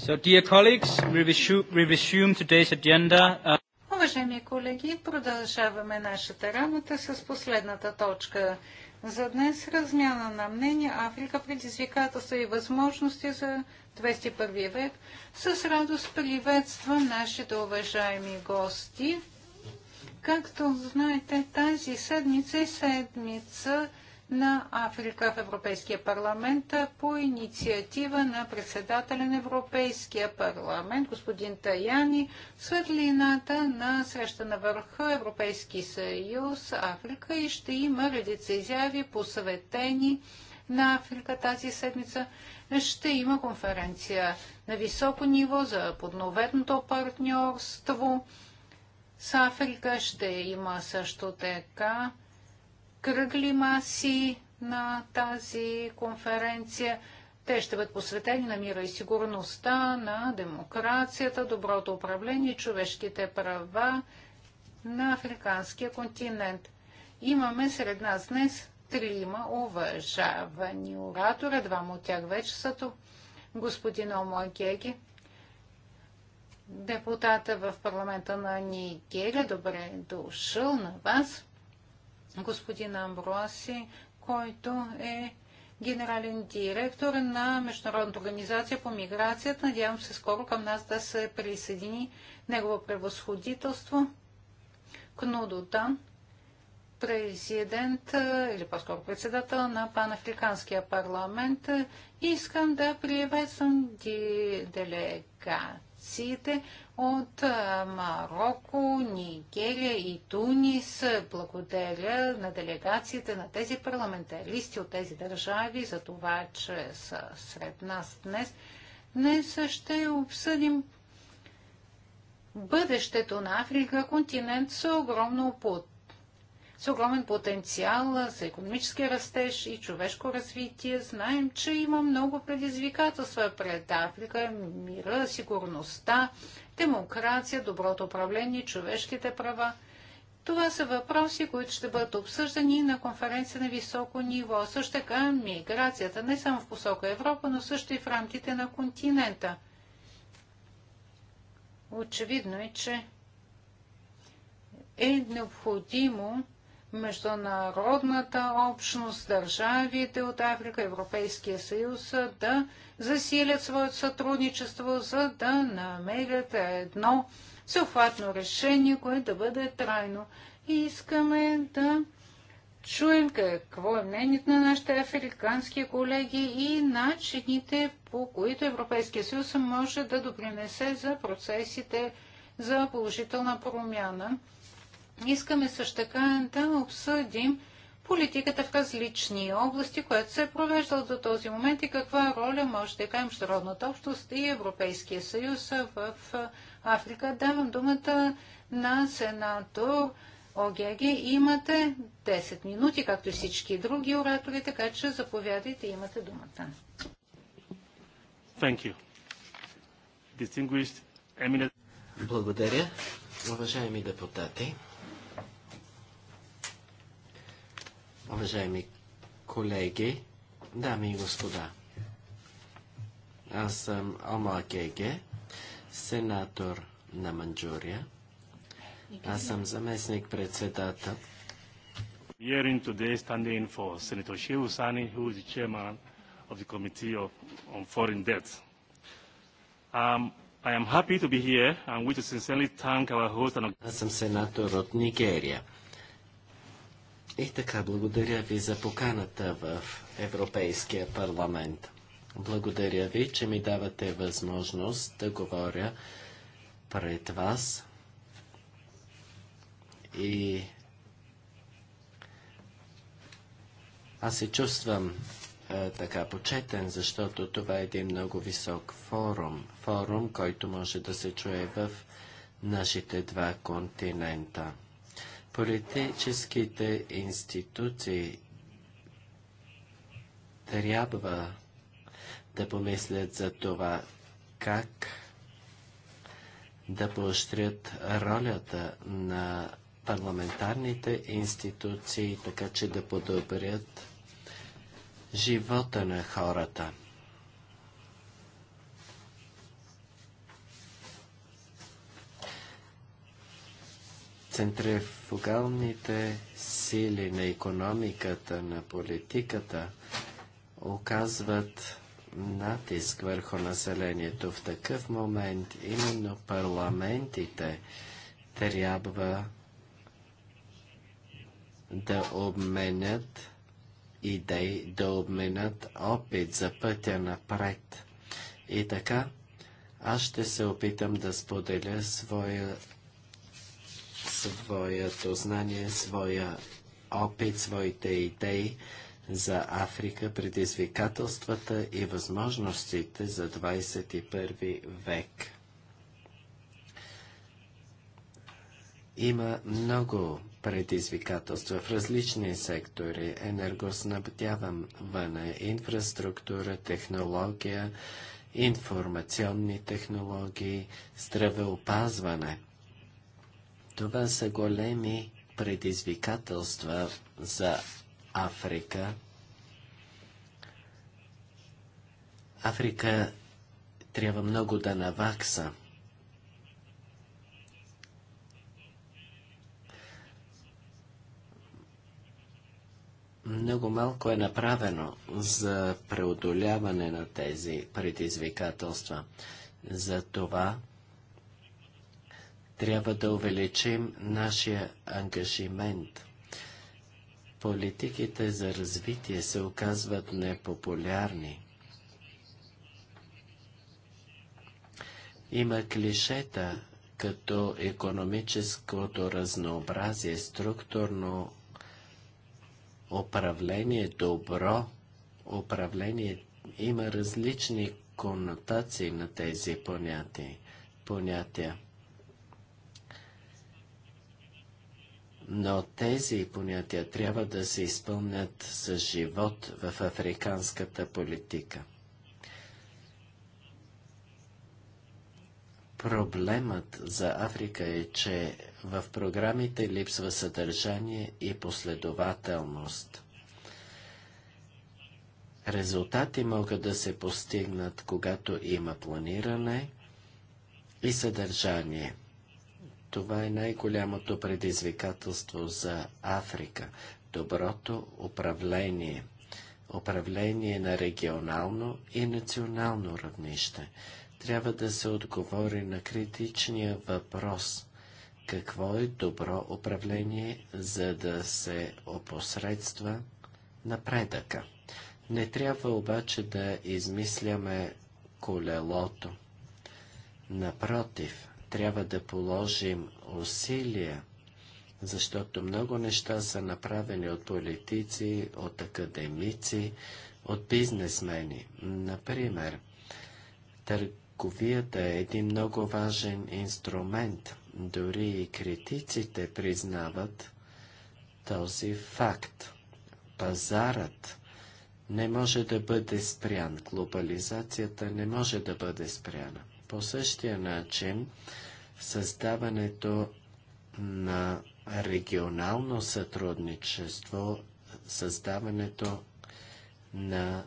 Uh, уважаеми колеги, продължаваме нашата работа с последната точка за днес. Размяна на мнения Африка, предизвикателства и възможности за 21 век. С радост приветствам нашите уважаеми гости. Както знаете, тази седмица е седмица на Африка в Европейския парламент по инициатива на председателя на Европейския парламент господин Таяни светлината на среща на върха Европейски съюз Африка и ще има редица изяви посветени на Африка тази седмица. Ще има конференция на високо ниво за подноветното партньорство с Африка. Ще има също така кръгли маси на тази конференция. Те ще бъдат посветени на мира и сигурността, на демокрацията, доброто управление, човешките права на африканския континент. Имаме сред нас днес трима уважавани оратора, двама от тях вече са тук. Господин Омуагеги, депутата в парламента на Нигерия, добре е дошъл на вас господин Амброси, който е генерален директор на Международната организация по миграцията. Надявам се скоро към нас да се присъедини негово превъзходителство Кнудо президент е, или по-скоро председател на Панафриканския парламент. Искам да приветствам делегациите от Марокко, Нигерия и Тунис. Благодаря на делегацията на тези парламентаристи от тези държави за това, че са сред нас днес. Днес ще обсъдим бъдещето на Африка, континент с, огромно пот... с огромен потенциал за економически растеж и човешко развитие. Знаем, че има много предизвикателства пред Африка, мира, сигурността, демокрация, доброто управление, човешките права. Това са въпроси, които ще бъдат обсъждани на конференция на високо ниво. Също така миграцията не само в посока Европа, но също и в рамките на континента. Очевидно е, че е необходимо международната общност, държавите от Африка, Европейския съюз да засилят своето сътрудничество, за да намерят едно всеохватно решение, което да бъде трайно. И искаме да чуем какво е мнението на нашите африкански колеги и начините, по които Европейския съюз може да допринесе за процесите за положителна промяна. Искаме също така да обсъдим политиката в различни области, която се е провеждала до този момент и каква роля може да играе международната общност и Европейския съюз в Африка. Давам думата на сенатор ОГГ. Имате 10 минути, както и всички други оратори, така че заповядайте, имате думата. Thank you. Благодаря, уважаеми депутати. Уважаеми колеги, дами и господа, аз съм Ома Геге, сенатор на Манджурия. Аз съм заместник председател. Hearing today standing for Senator Shehu Sani, who is the chairman of the Committee of, on Foreign Debt. Um, I am happy to be here and wish to sincerely thank our host and... Аз съм сенатор от Нигерия. И така, благодаря ви за поканата в Европейския парламент. Благодаря ви, че ми давате възможност да говоря пред вас и аз се чувствам е, така почетен, защото това е един много висок форум. Форум, който може да се чуе в нашите два континента. Политическите институции трябва да помислят за това как да поощрят ролята на парламентарните институции, така че да подобрят живота на хората. Центриф центрифугалните сили на економиката, на политиката оказват натиск върху населението. В такъв момент именно парламентите трябва да обменят идеи, да обменят опит за пътя напред. И така, аз ще се опитам да споделя своя своето знание, своя опит, своите идеи за Африка, предизвикателствата и възможностите за 21 век. Има много предизвикателства в различни сектори – енергоснабдяване, инфраструктура, технология, информационни технологии, здравеопазване – това са големи предизвикателства за Африка. Африка трябва много да навакса. Много малко е направено за преодоляване на тези предизвикателства. За това трябва да увеличим нашия ангажимент. Политиките за развитие се оказват непопулярни. Има клишета, като економическото разнообразие, структурно управление, добро управление. Има различни конотации на тези понятия. понятия. но тези понятия трябва да се изпълнят с живот в африканската политика. Проблемът за Африка е, че в програмите липсва съдържание и последователност. Резултати могат да се постигнат, когато има планиране и съдържание. Това е най-голямото предизвикателство за Африка. Доброто управление. Управление на регионално и национално равнище. Трябва да се отговори на критичния въпрос – какво е добро управление, за да се опосредства напредъка. Не трябва обаче да измисляме колелото. Напротив, трябва да положим усилия, защото много неща са направени от политици, от академици, от бизнесмени. Например, търговията е един много важен инструмент. Дори и критиците признават този факт. Пазарът не може да бъде спрян. Глобализацията не може да бъде спряна. По същия начин, Създаването на регионално сътрудничество, създаването на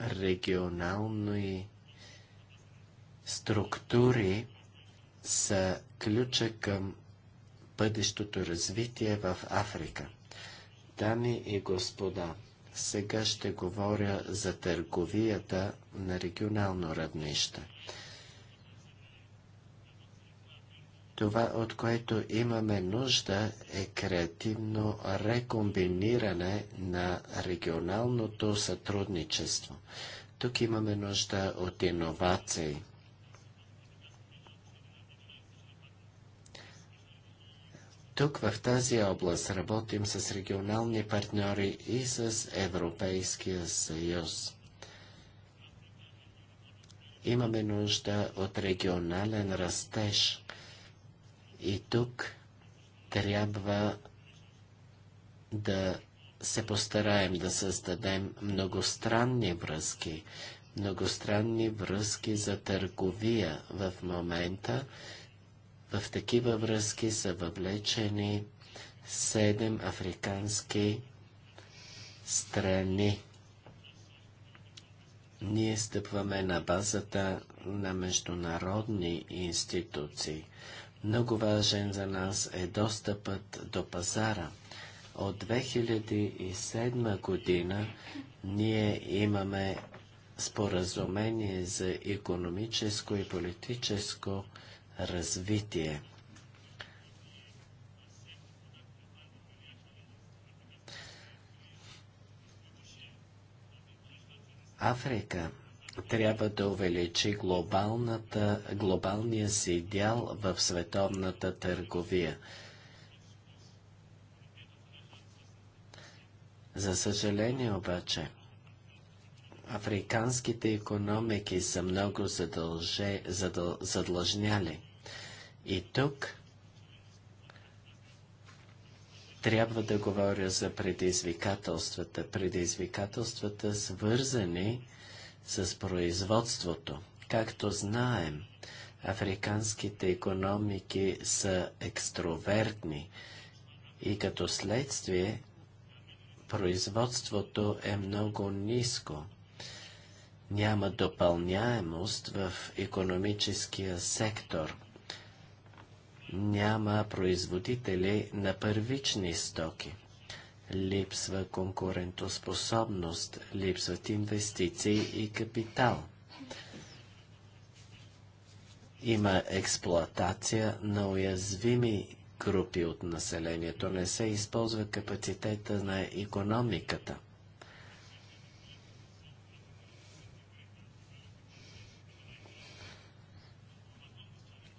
регионални структури са ключа към бъдещото развитие в Африка. Дами и господа, сега ще говоря за търговията на регионално равнище. Това, от което имаме нужда, е креативно рекомбиниране на регионалното сътрудничество. Тук имаме нужда от иновации. Тук в тази област работим с регионални партньори и с Европейския съюз. Имаме нужда от регионален растеж. И тук трябва да се постараем да създадем многостранни връзки, многостранни връзки за търговия в момента. В такива връзки са въвлечени седем африкански страни. Ние стъпваме на базата на международни институции. Много важен за нас е достъпът до пазара. От 2007 година ние имаме споразумение за економическо и политическо развитие. Африка трябва да увеличи глобалния си дял в световната търговия. За съжаление обаче, африканските економики са много задълже, задъл, задлъжняли. И тук трябва да говоря за предизвикателствата. Предизвикателствата свързани с производството. Както знаем, африканските економики са екстровертни и като следствие производството е много ниско. Няма допълняемост в економическия сектор. Няма производители на първични стоки липсва конкурентоспособност, липсват инвестиции и капитал. Има експлоатация на уязвими групи от населението, не се използва капацитета на економиката.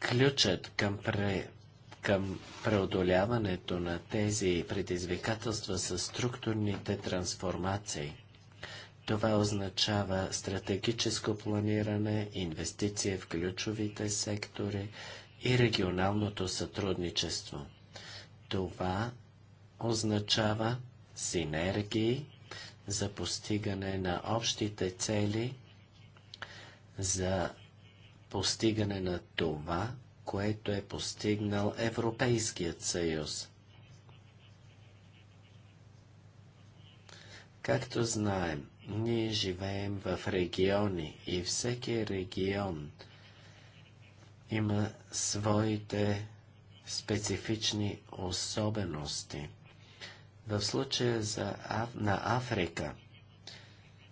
Ключът към пре към преодоляването на тези предизвикателства са структурните трансформации. Това означава стратегическо планиране, инвестиции в ключовите сектори и регионалното сътрудничество. Това означава синергии за постигане на общите цели, за постигане на това, което е постигнал Европейският съюз. Както знаем, ние живеем в региони и всеки регион има своите специфични особености. В случая за, на Африка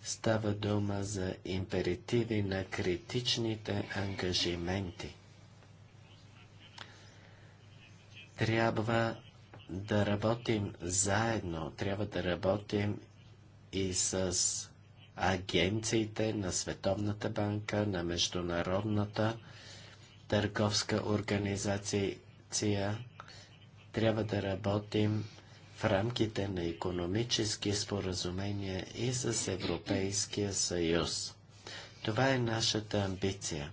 става дума за императиви на критичните ангажименти. Трябва да работим заедно, трябва да работим и с агенциите на Световната банка, на Международната търговска организация. Трябва да работим в рамките на економически споразумения и с Европейския съюз. Това е нашата амбиция.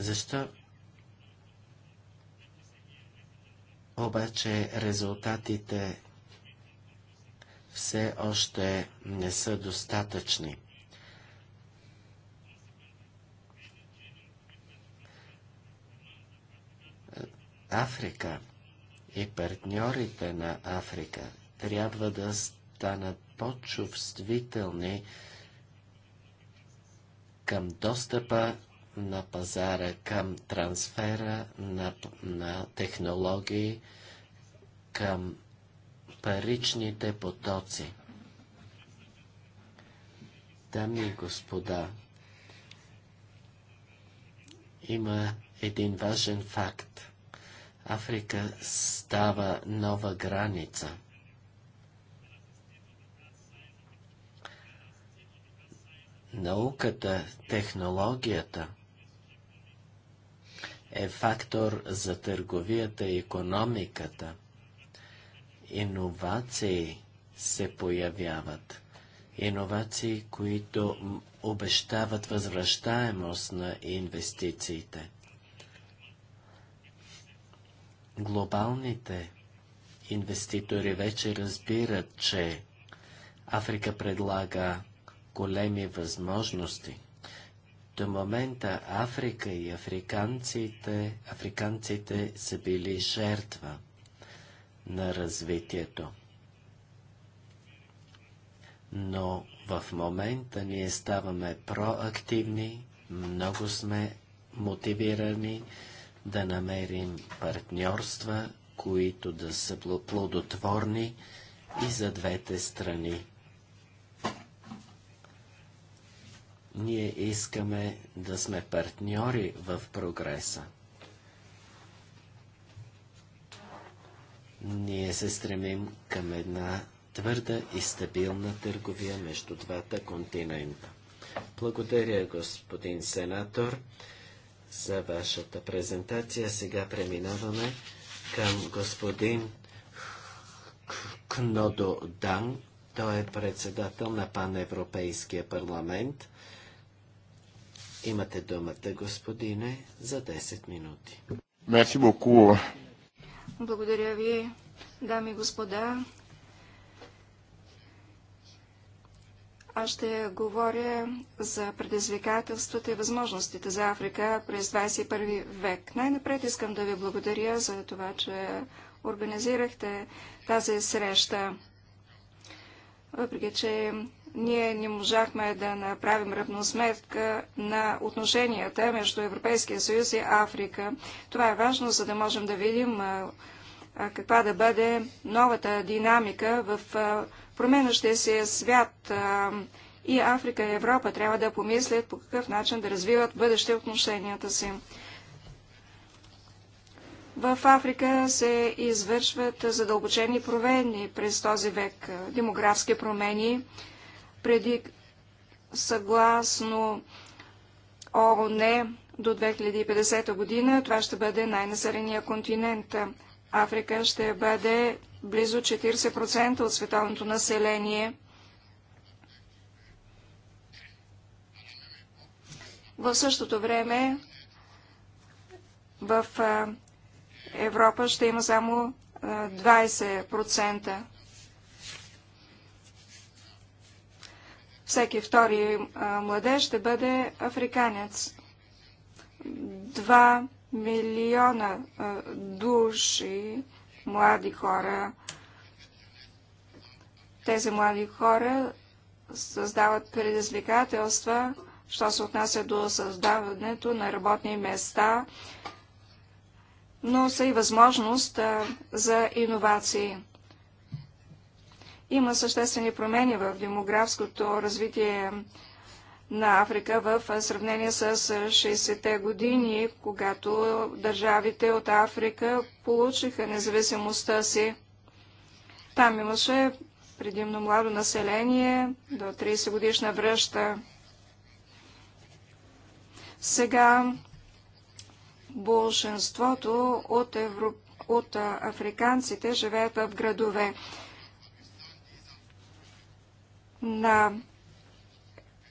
Защо обаче резултатите все още не са достатъчни? Африка и партньорите на Африка трябва да станат по-чувствителни към достъпа на пазара към трансфера на, на технологии към паричните потоци. Дами и господа, има един важен факт. Африка става нова граница. Науката, технологията – е фактор за търговията и економиката. Иновации се появяват. Иновации, които обещават възвръщаемост на инвестициите. Глобалните инвеститори вече разбират, че Африка предлага големи възможности – до момента Африка и африканците, африканците са били жертва на развитието. Но в момента ние ставаме проактивни, много сме мотивирани да намерим партньорства, които да са плодотворни и за двете страни. Ние искаме да сме партньори в прогреса. Ние се стремим към една твърда и стабилна търговия между двата континента. Благодаря, господин сенатор, за вашата презентация. Сега преминаваме към господин Кнодо Дан. Той е председател на Паневропейския парламент. Имате думата, господине, за 10 минути. Мерси боку. Благодаря ви, дами и господа. Аз ще говоря за предизвикателствата и възможностите за Африка през 21 век. Най-напред искам да ви благодаря за това, че организирахте тази среща. Въпреки, че ние не можахме да направим равносметка на отношенията между Европейския съюз и Африка. Това е важно, за да можем да видим каква да бъде новата динамика в променящия се свят. И Африка и Европа трябва да помислят по какъв начин да развиват бъдеще отношенията си. В Африка се извършват задълбочени промени през този век. Демографски промени, преди съгласно ООН до 2050 година. Това ще бъде най-населения континент. Африка ще бъде близо 40% от световното население. В същото време в Европа ще има само 20%. всеки втори младеж ще бъде африканец. Два милиона души, млади хора. Тези млади хора създават предизвикателства, що се отнася до създаването на работни места, но са и възможност за иновации. Има съществени промени в демографското развитие на Африка в сравнение с 60-те години, когато държавите от Африка получиха независимостта си. Там имаше предимно младо население до 30 годишна връща. Сега большинството от, европ... от африканците живеят в градове на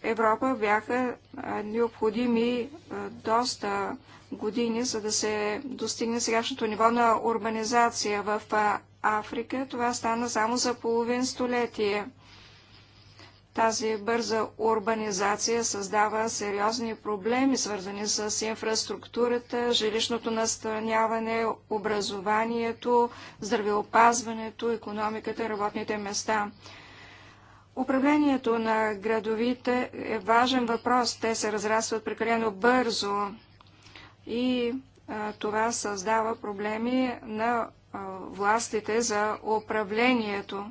Европа бяха необходими доста години, за да се достигне сегашното ниво на урбанизация в Африка. Това стана само за половин столетие. Тази бърза урбанизация създава сериозни проблеми, свързани с инфраструктурата, жилищното настаняване, образованието, здравеопазването, економиката, работните места. Управлението на градовите е важен въпрос. Те се разрастват прекалено бързо и а, това създава проблеми на а, властите за управлението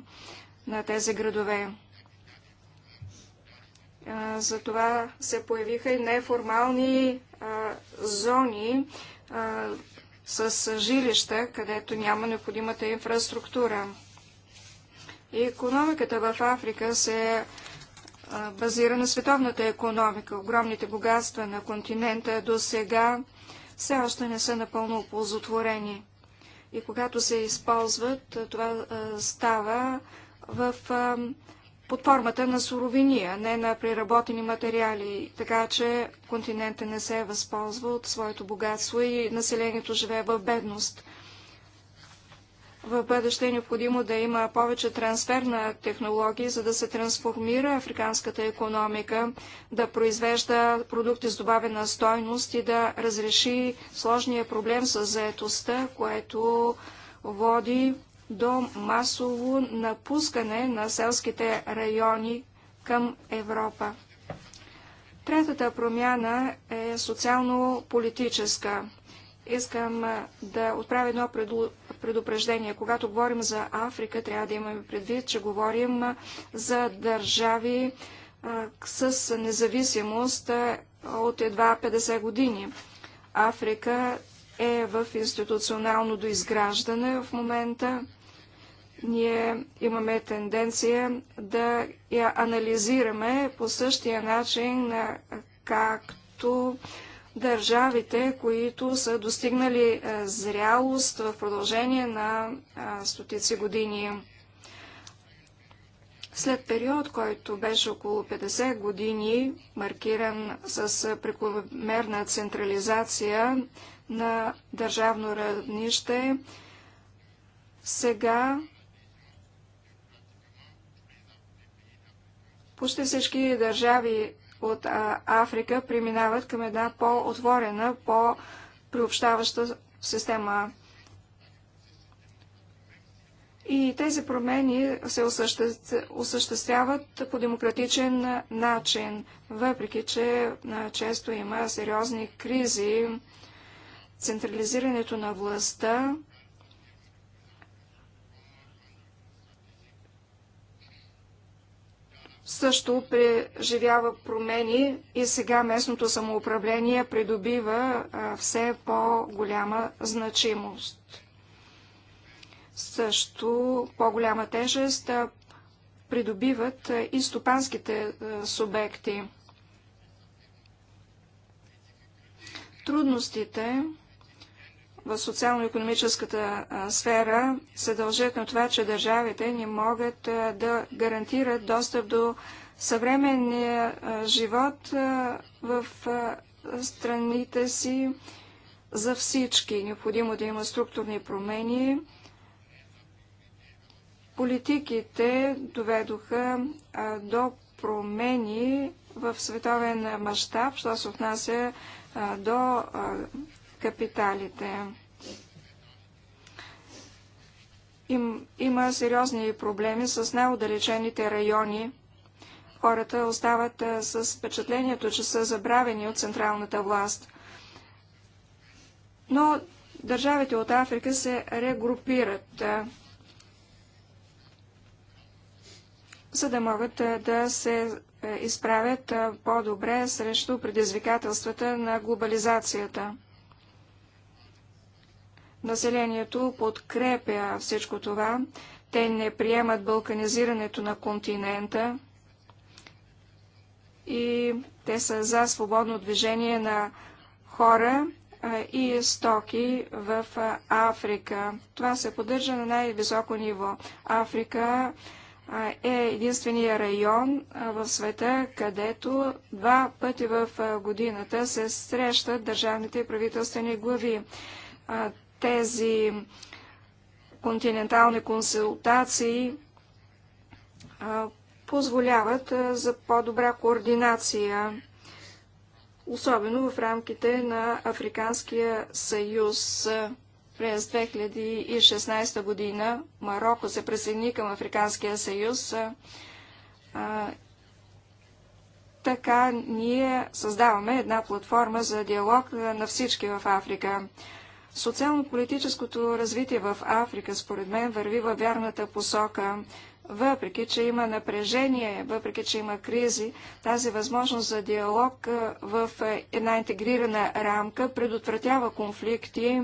на тези градове. А, затова се появиха и неформални зони с жилища, където няма необходимата инфраструктура. И економиката в Африка се базира на световната економика. Огромните богатства на континента до сега все още не са напълно оползотворени. И когато се използват, това става в под формата на суровиния, не на преработени материали, така че континента не се възползва от своето богатство и населението живее в бедност. В бъдеще е необходимо да има повече трансфер на технологии, за да се трансформира африканската економика, да произвежда продукти с добавена стойност и да разреши сложния проблем с заетостта, което води до масово напускане на селските райони към Европа. Третата промяна е социално-политическа искам да отправя едно предупреждение. Когато говорим за Африка, трябва да имаме предвид, че говорим за държави с независимост от едва 50 години. Африка е в институционално доизграждане в момента. Ние имаме тенденция да я анализираме по същия начин, както държавите, които са достигнали е, зрялост в продължение на е, стотици години. След период, който беше около 50 години, маркиран с прекомерна централизация на държавно равнище, сега почти всички държави от Африка преминават към една по-отворена, по-приобщаваща система. И тези промени се осъществяват по демократичен начин, въпреки че често има сериозни кризи. Централизирането на властта също преживява промени и сега местното самоуправление придобива все по-голяма значимост. Също по-голяма тежест придобиват и стопанските субекти. Трудностите в социално-економическата сфера се дължат на това, че държавите не могат да гарантират достъп до съвременния живот в страните си за всички. Необходимо да има структурни промени. Политиките доведоха до промени в световен мащаб, що се отнася до капиталите. Им, има сериозни проблеми с най-отдалечените райони. Хората остават а, с впечатлението, че са забравени от централната власт. Но държавите от Африка се регрупират, а, за да могат а, да се изправят по-добре срещу предизвикателствата на глобализацията. Населението подкрепя всичко това. Те не приемат балканизирането на континента и те са за свободно движение на хора и стоки в Африка. Това се поддържа на най-високо ниво. Африка е единствения район в света, където два пъти в годината се срещат държавните и правителствени глави тези континентални консултации позволяват за по-добра координация, особено в рамките на Африканския съюз. През 2016 година Марокко се присъедини към Африканския съюз. така ние създаваме една платформа за диалог на всички в Африка. Социално-политическото развитие в Африка, според мен, върви във вярната посока. Въпреки, че има напрежение, въпреки, че има кризи, тази възможност за диалог в една интегрирана рамка предотвратява конфликти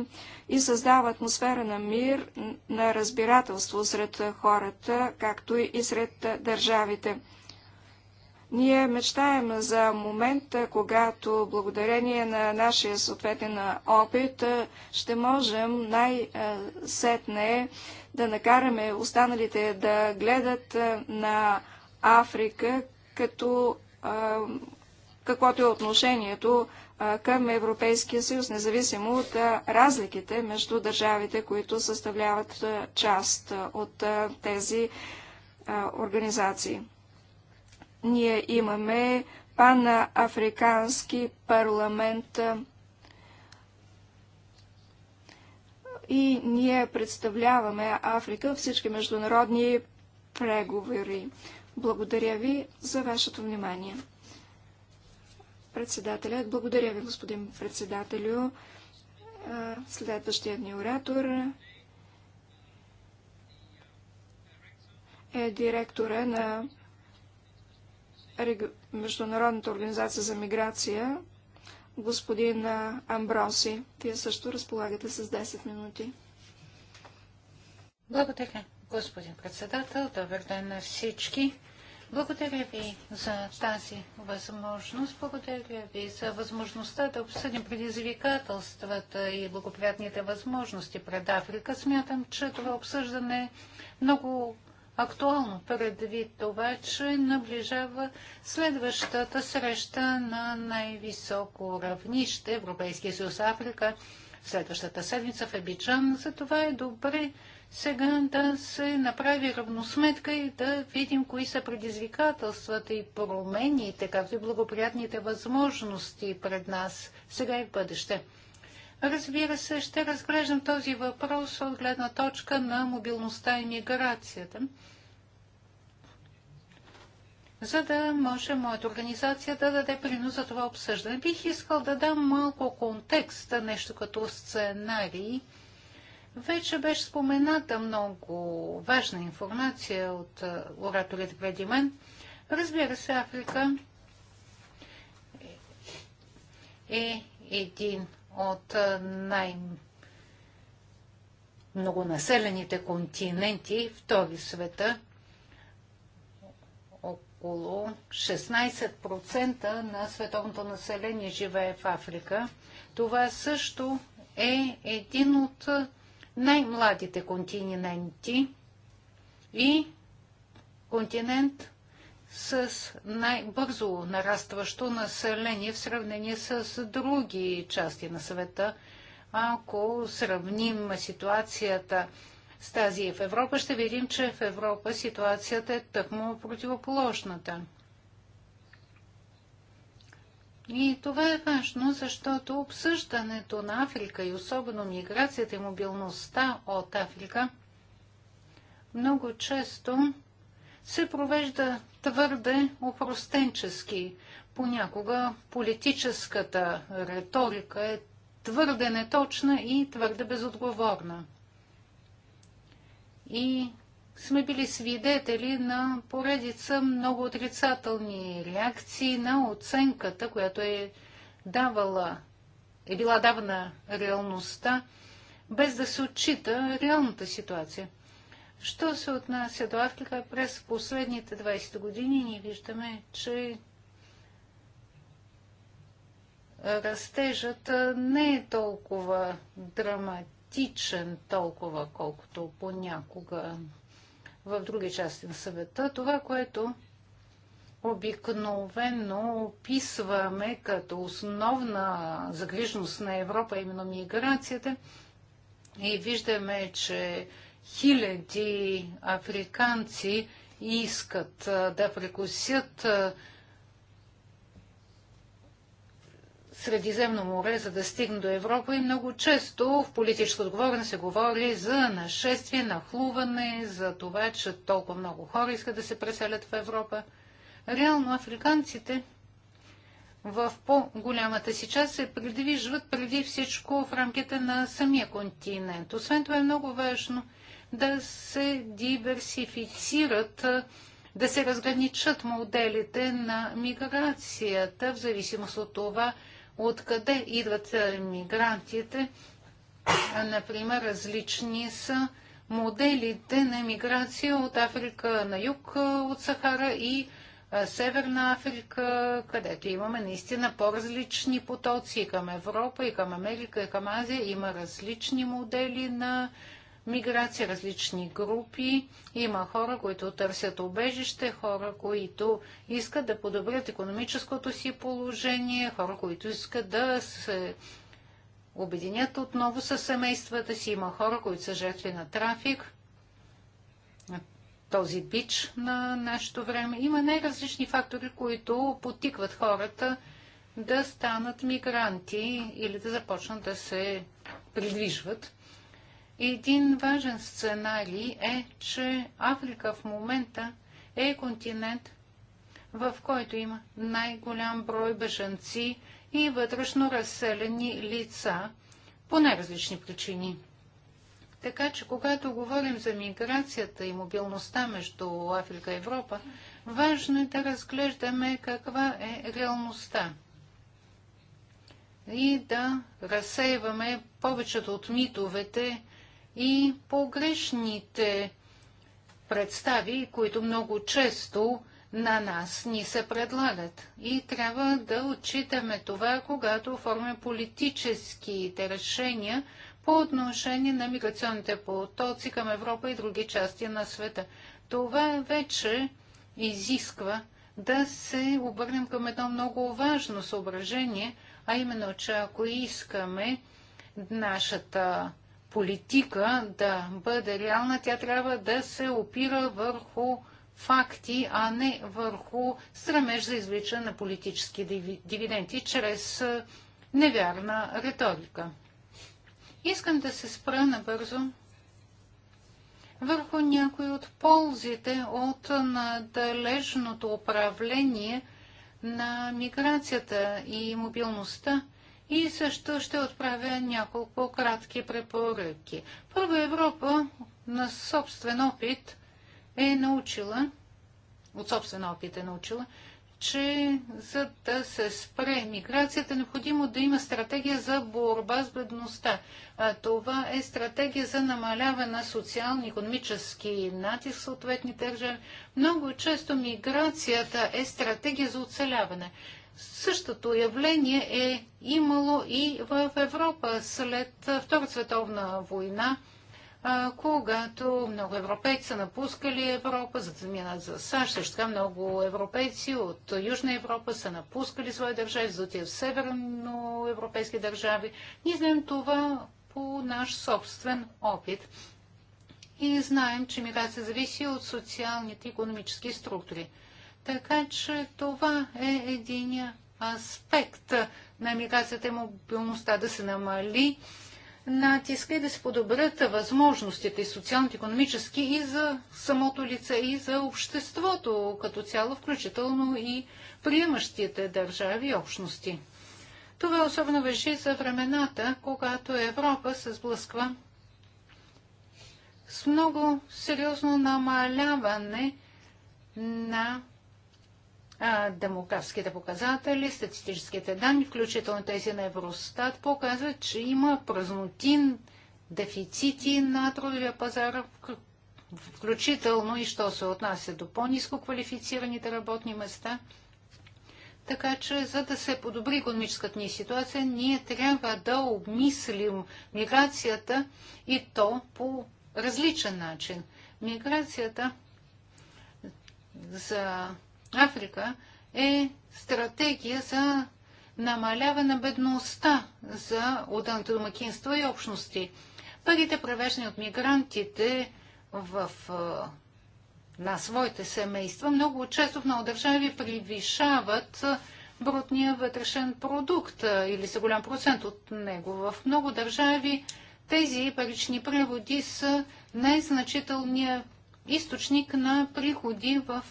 и създава атмосфера на мир, на разбирателство сред хората, както и сред държавите. Ние мечтаем за момента, когато благодарение на нашия съответен опит ще можем най-сетне да накараме останалите да гледат на Африка като каквото е отношението към Европейския съюз, независимо от разликите между държавите, които съставляват част от тези организации. Ние имаме панафрикански парламент и ние представляваме Африка всички международни преговори. Благодаря ви за вашето внимание. Председателят, благодаря ви, господин председателю. Следващият ни оратор е директора на Международната организация за миграция, господин Амброси. Вие също разполагате с 10 минути. Благодаря, господин председател. Добър ден на всички. Благодаря ви за тази възможност. Благодаря ви за възможността да обсъдим предизвикателствата и благоприятните възможности пред Африка. Смятам, че това обсъждане е много актуално предвид това, че наближава следващата среща на най-високо равнище Европейския съюз Африка следващата седмица в За Затова е добре сега да се направи равносметка и да видим кои са предизвикателствата и промените, както и благоприятните възможности пред нас сега и в бъдеще. Разбира се, ще разглеждам този въпрос от гледна точка на мобилността и миграцията, за да може моята организация да даде принос за това обсъждане. Бих искал да дам малко контекст, нещо като сценарий. Вече беше спомената много важна информация от ораторите преди мен. Разбира се, Африка е, е един от най- многонаселените континенти, в този света, около 16% на световното население живее в Африка. Това също е един от най-младите континенти и континент, с най-бързо нарастващо население в сравнение с други части на света. Ако сравним ситуацията с тази в Европа, ще видим, че в Европа ситуацията е тъкмо противоположната. И това е важно, защото обсъждането на Африка и особено миграцията и мобилността от Африка много често се провежда твърде опростенчески. Понякога политическата риторика е твърде неточна и твърде безотговорна. И сме били свидетели на поредица много отрицателни реакции на оценката, която е давала, е била давана реалността, без да се отчита реалната ситуация. Що се отнася до Африка, през последните 20 години ние виждаме, че растежът не е толкова драматичен, толкова колкото понякога в други части на съвета. Това, което обикновено описваме като основна загрижност на Европа, именно миграцията, и виждаме, че хиляди африканци искат да прекусят Средиземно море, за да стигне до Европа и много често в политическо отговорен се говори за нашествие, нахлуване, за това, че толкова много хора искат да се преселят в Европа. Реално африканците в по-голямата си част се придвижват преди всичко в рамките на самия континент. Освен това е много важно – да се диверсифицират, да се разграничат моделите на миграцията, в зависимост от това, откъде идват мигрантите. Например, различни са моделите на миграция от Африка на юг от Сахара и Северна Африка, където имаме наистина по-различни потоци и към Европа, и към Америка, и към Азия. Има различни модели на миграция, различни групи. Има хора, които търсят убежище, хора, които искат да подобрят економическото си положение, хора, които искат да се обединят отново с семействата си. Има хора, които са жертви на трафик, този бич на нашето време. Има най-различни фактори, които потикват хората да станат мигранти или да започнат да се придвижват. Един важен сценарий е, че Африка в момента е континент, в който има най-голям брой бежанци и вътрешно разселени лица по най-различни причини. Така че, когато говорим за миграцията и мобилността между Африка и Европа, важно е да разглеждаме каква е реалността и да разсейваме повечето от митовете, и погрешните представи, които много често на нас ни се предлагат. И трябва да отчитаме това, когато оформяме политическите решения по отношение на миграционните потоци към Европа и други части на света. Това вече изисква да се обърнем към едно много важно съображение, а именно, че ако искаме нашата политика да бъде реална, тя трябва да се опира върху факти, а не върху стремеж за извличане на политически дивиденти чрез невярна риторика. Искам да се спра набързо върху някои от ползите от надалежното управление на миграцията и мобилността и също ще отправя няколко кратки препоръки. Първо Европа на собствен опит е научила, от собствен опит е научила, че за да се спре миграцията, е необходимо да има стратегия за борба с бедността. А това е стратегия за намаляване на социални, економически натиск в съответни държави. Много често миграцията е стратегия за оцеляване. Същото явление е имало и в Европа след Втората световна война, когато много европейци са напускали Европа, за да заминат за САЩ. Също така много европейци от Южна Европа са напускали свои държави, за да отидат в северноевропейски държави. Ние знаем това по наш собствен опит. И знаем, че миграция зависи от социалните и економически структури. Така че това е един аспект на емиграцията и мобилността да се намали натиска и да се подобрят възможностите и социално-економически и за самото лице, и за обществото като цяло, включително и приемащите държави и общности. Това особено въжи за времената, когато Европа се сблъсква с много сериозно намаляване на демографските показатели, статистическите данни, включително тези на Евростат, показват, че има празнотин, дефицити на трудовия пазар, включително и що се отнася до по-низко квалифицираните работни места. Така че, за да се подобри економическата ни ситуация, ние трябва да обмислим миграцията и то по различен начин. Миграцията за Африка е стратегия за намаляване на бедността за отделните домакинства и общности. Парите, превеждани от мигрантите в, на своите семейства, много често в много държави превишават брутния вътрешен продукт или за голям процент от него. В много държави тези парични преводи са най-значителният източник на приходи в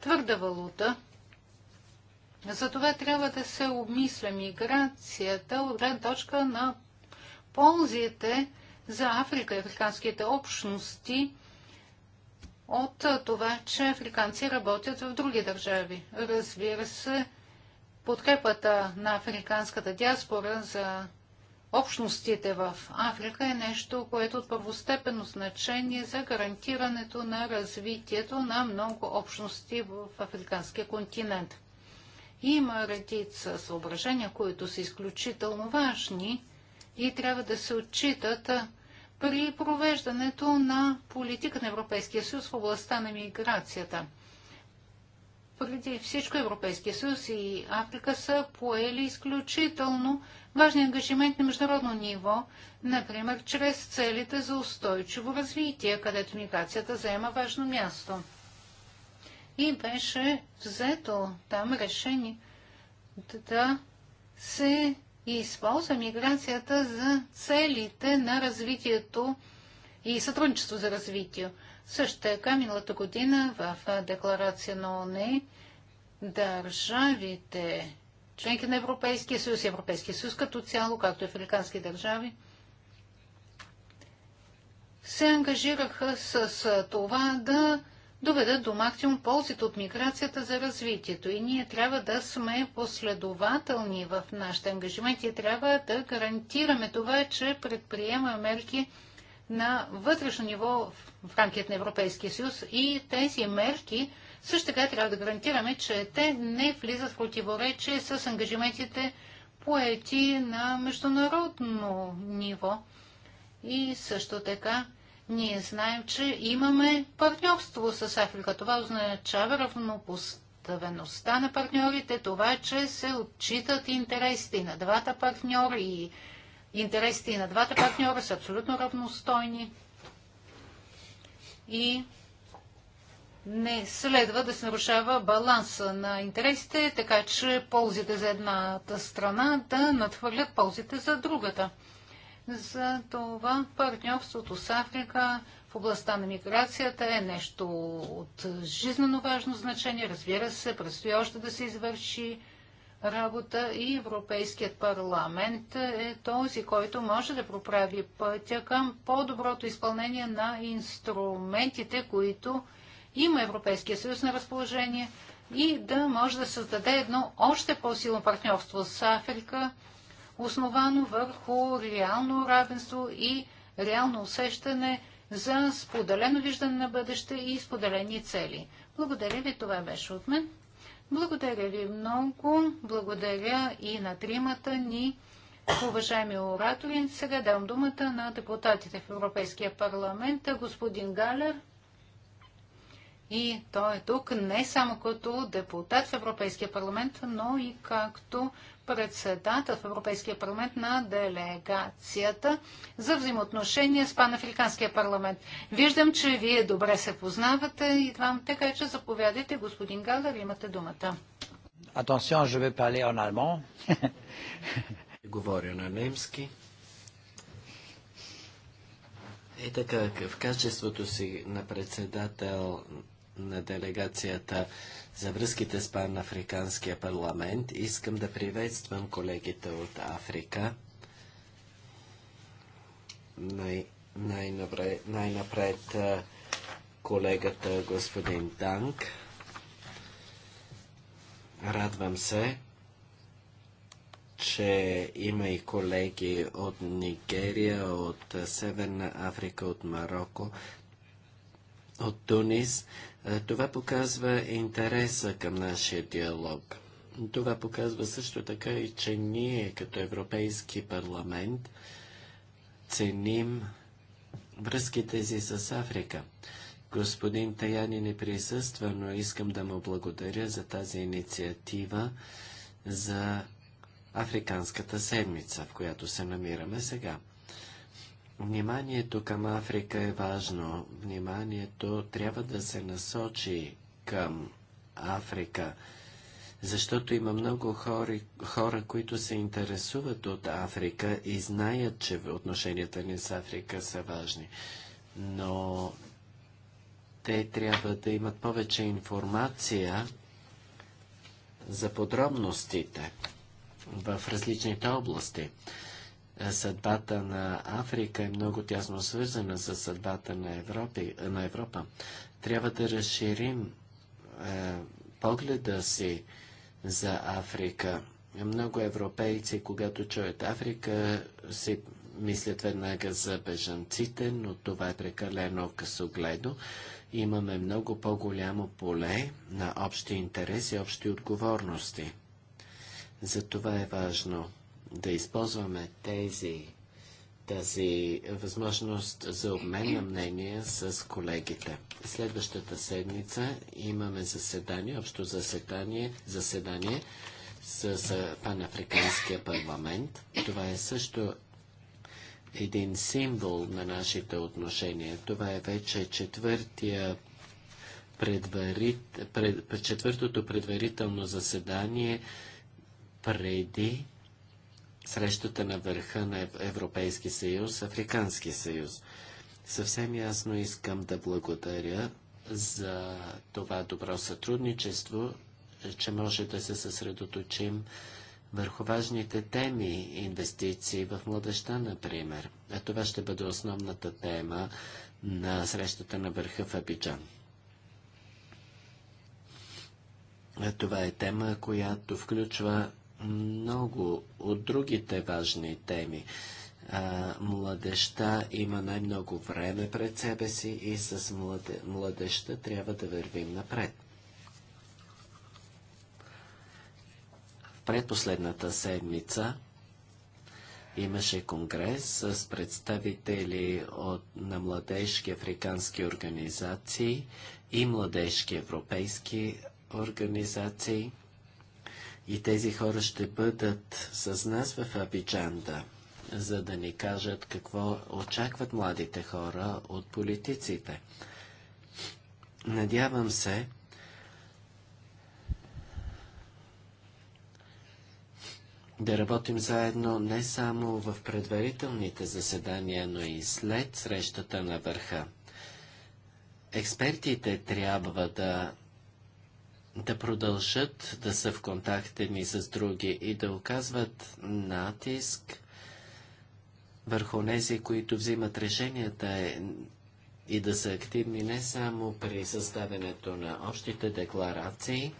твърда валута. Затова трябва да се обмисля миграцията от гледна точка на ползите за Африка и африканските общности от това, че африканци работят в други държави. Разбира се, подкрепата на африканската диаспора за общностите в Африка е нещо, което от първостепенно значение за гарантирането на развитието на много общности в африканския континент. Има редица съображения, които са изключително важни и трябва да се отчитат при провеждането на политика на Европейския съюз в областта на миграцията – преди всичко е Европейския съюз и Африка са поели изключително важни ангажимент на международно ниво, например чрез целите за устойчиво развитие, където миграцията заема важно място. И беше взето там решение да се използва миграцията за целите на развитието и сътрудничество за развитие. Също така, миналата година в декларация на ОНЕ държавите, членки на Европейския съюз, Европейския съюз като цяло, както и африкански държави, се ангажираха с, с това да доведат до максимум ползите от миграцията за развитието. И ние трябва да сме последователни в нашите ангажименти. Трябва да гарантираме това, че предприемаме мерки, на вътрешно ниво в рамките на Европейския съюз и тези мерки също така трябва да гарантираме, че те не влизат в противоречие с ангажиментите поети на международно ниво. И също така ние знаем, че имаме партньорство с Африка. Това означава равнопоставеността на партньорите, това, че се отчитат интересите и на двата партньори и интересите и на двата партньора са абсолютно равностойни и не следва да се нарушава баланса на интересите, така че ползите за едната страна да надхвърлят ползите за другата. За това партньорството с Африка в областта на миграцията е нещо от жизненно важно значение. Разбира се, предстои още да се извърши работа и Европейският парламент е този, който може да проправи пътя към по-доброто изпълнение на инструментите, които има Европейския съюз на разположение и да може да създаде едно още по-силно партньорство с Африка, основано върху реално равенство и реално усещане за споделено виждане на бъдеще и споделени цели. Благодаря ви, това беше от мен. Благодаря ви много. Благодаря и на тримата ни. Уважаеми оратори, сега дам думата на депутатите в Европейския парламент, господин Галер. И той е тук не само като депутат в Европейския парламент, но и както председател в Европейския парламент на делегацията за взаимоотношения с Панафриканския парламент. Виждам, че вие добре се познавате и вам, така че заповядайте, господин Галер, имате думата. Attention, je vais parler en allemand. (laughs) Говоря на немски. И е така, в качеството си на председател на делегацията за връзките с Панафриканския парламент. Искам да приветствам колегите от Африка. Най- най-напред, най колегата господин Танк. Радвам се, че има и колеги от Нигерия, от Северна Африка, от Марокко, от Тунис. Това показва интереса към нашия диалог. Това показва също така и, че ние като Европейски парламент ценим връзките си с Африка. Господин Таяни не присъства, но искам да му благодаря за тази инициатива за Африканската седмица, в която се намираме сега. Вниманието към Африка е важно. Вниманието трябва да се насочи към Африка, защото има много хора, хора, които се интересуват от Африка и знаят, че отношенията ни с Африка са важни. Но те трябва да имат повече информация за подробностите в различните области съдбата на Африка е много тясно свързана с съдбата на, Европи, на Европа. Трябва да разширим е, погледа си за Африка. Много европейци, когато чуят Африка, си мислят веднага за бежанците, но това е прекалено късогледо. Имаме много по-голямо поле на общи интереси, общи отговорности. За това е важно да използваме тези, тази възможност за обмен на мнение с колегите. Следващата седмица имаме заседание, общо заседание, заседание с, с Панафриканския парламент. Това е също един символ на нашите отношения. Това е вече четвъртия предварит, пред, четвъртото предварително заседание преди срещата на върха на Европейски съюз, Африкански съюз. Съвсем ясно искам да благодаря за това добро сътрудничество, че може да се съсредоточим върху важните теми, инвестиции в младеща, например. А това ще бъде основната тема на срещата на върха в Абиджан. това е тема, която включва много от другите важни теми. А, младеща има най-много време пред себе си и с младе, младеща трябва да вървим напред. В предпоследната седмица имаше конгрес с представители от, на младежки африкански организации и младежки европейски организации – и тези хора ще бъдат с нас в Абиджанда, за да ни кажат какво очакват младите хора от политиците. Надявам се, да работим заедно не само в предварителните заседания, но и след срещата на върха. Експертите трябва да да продължат да са в контакт едни с други и да оказват натиск върху нези, които взимат решенията е, и да са активни не само при съставянето на общите декларации,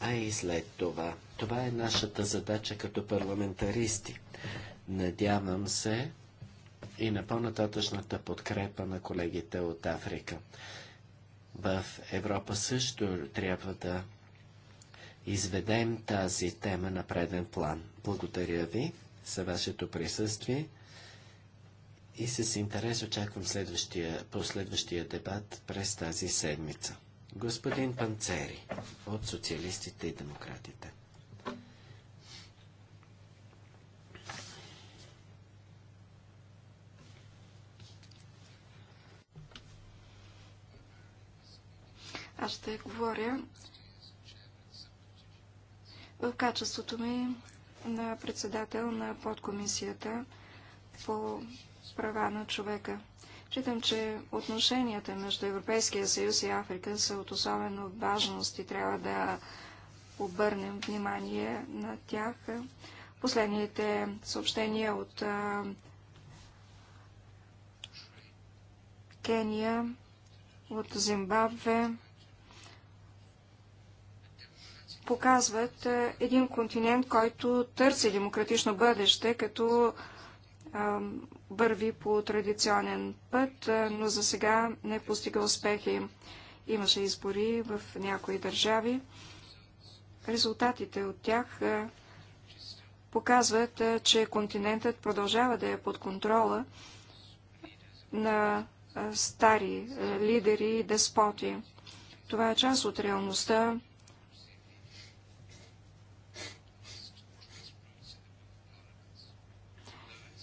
а и след това. Това е нашата задача като парламентаристи. Надявам се и на по-нататъчната подкрепа на колегите от Африка в Европа също трябва да изведем тази тема на преден план. Благодаря ви за вашето присъствие и с интерес очаквам следващия, последващия дебат през тази седмица. Господин Панцери от Социалистите и Демократите. Аз ще говоря в качеството ми на председател на подкомисията по права на човека. Считам, че отношенията между Европейския съюз и Африка са от особено важност и трябва да обърнем внимание на тях. Последните съобщения от а, Кения, от Зимбабве, показват е, един континент, който търси демократично бъдеще, като върви по традиционен път, но за сега не постига успехи. Имаше избори в някои държави. Резултатите от тях показват, че континентът продължава да е под контрола на стари лидери и деспоти. Това е част от реалността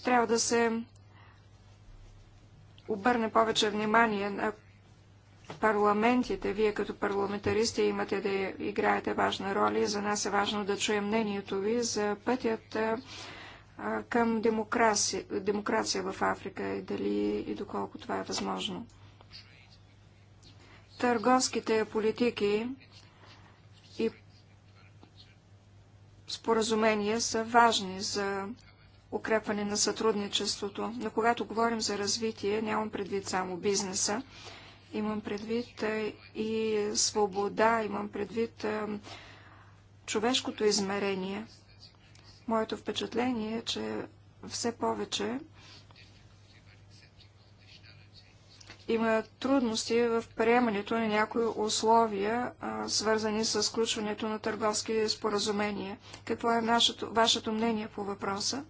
трябва да се обърне повече внимание на парламентите. Вие като парламентаристи имате да играете важна роля и за нас е важно да чуем мнението ви за пътят към демокрация, демокрация в Африка и дали и доколко това е възможно. Търговските политики и споразумения са важни за укрепване на сътрудничеството. Но когато говорим за развитие, нямам предвид само бизнеса, имам предвид и свобода, имам предвид човешкото измерение. Моето впечатление е, че все повече има трудности в приемането на някои условия, а, свързани с включването на търговски споразумения. Какво е нашето, вашето мнение по въпроса?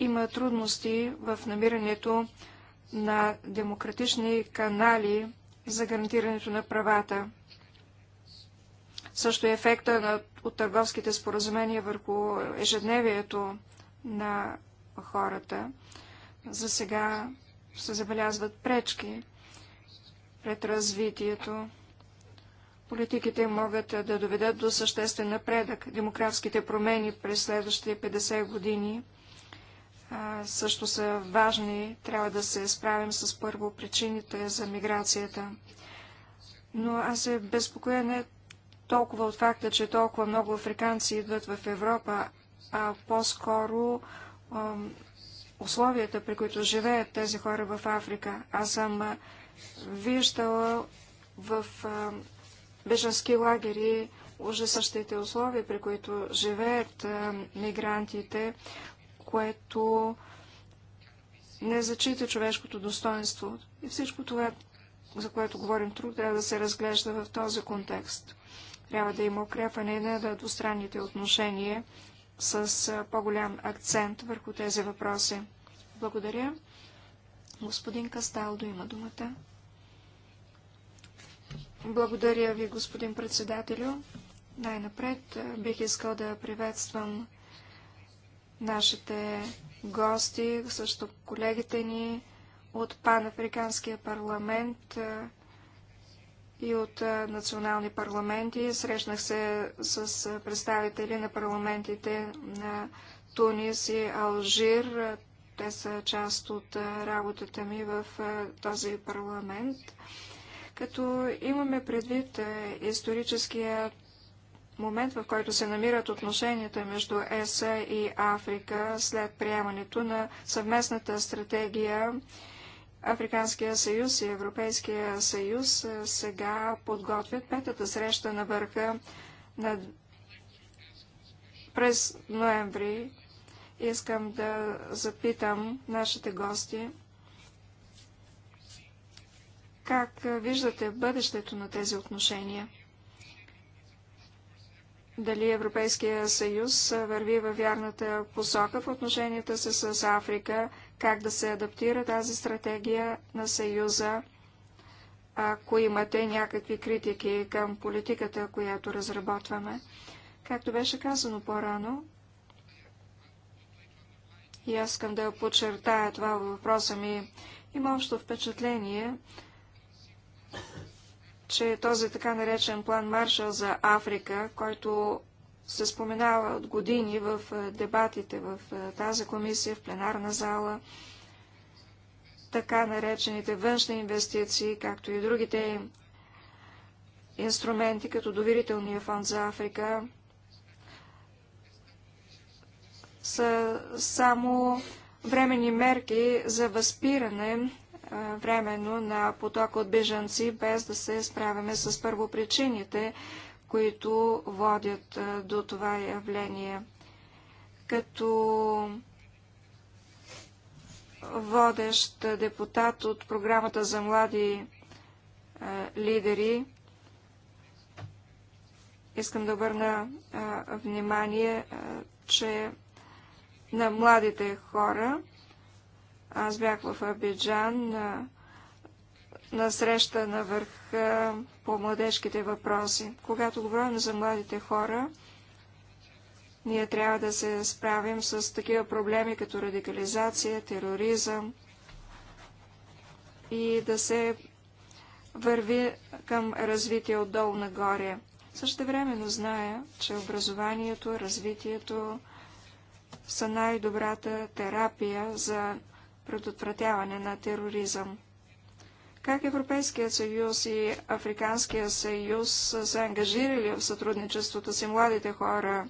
Има трудности в намирането на демократични канали за гарантирането на правата. Също е ефекта на, от търговските споразумения върху ежедневието на хората. За сега се забелязват пречки пред развитието. Политиките могат да доведат до съществен напредък. Демографските промени през следващите 50 години а, също са важни. Трябва да се справим с първо причините за миграцията. Но аз се безпокоя не толкова от факта, че толкова много африканци идват в Европа, а по-скоро условията, при които живеят тези хора в Африка. Аз съм виждала в бежански лагери ужасащите условия, при които живеят мигрантите, което не зачита човешкото достоинство. И всичко това, за което говорим тук, трябва да се разглежда в този контекст. Трябва да има укрепване на двустранните отношения с по-голям акцент върху тези въпроси. Благодаря. Господин Касталдо има думата. Благодаря ви, господин председателю. Най-напред бих искал да приветствам нашите гости, също колегите ни от Панафриканския парламент, и от национални парламенти. Срещнах се с представители на парламентите на Тунис и Алжир. Те са част от работата ми в този парламент. Като имаме предвид историческия момент, в който се намират отношенията между ЕСА и Африка след приемането на съвместната стратегия Африканския съюз и Европейския съюз е, сега подготвят петата среща на върха на... през ноември. Искам да запитам нашите гости как е, виждате бъдещето на тези отношения дали Европейския съюз върви във вярната посока в отношенията си с Африка, как да се адаптира тази стратегия на съюза, ако имате някакви критики към политиката, която разработваме. Както беше казано по-рано, и аз искам да подчертая това въпроса ми, има общо впечатление, че този така наречен план Маршал за Африка, който се споменава от години в е, дебатите в е, тази комисия, в пленарна зала, така наречените външни инвестиции, както и другите инструменти, като доверителния фонд за Африка, са само времени мерки за възпиране временно на поток от бежанци, без да се справяме с първопричините, които водят до това явление. Като водещ депутат от програмата за млади лидери, искам да обърна внимание, че на младите хора – аз бях в Абиджан на, на среща на върха по младежките въпроси. Когато говорим за младите хора, ние трябва да се справим с такива проблеми като радикализация, тероризъм и да се върви към развитие отдолу нагоре. Също но зная, че образованието, развитието са най-добрата терапия за предотвратяване на тероризъм. Как Европейският съюз и Африканския съюз са се ангажирали в сътрудничеството си младите хора?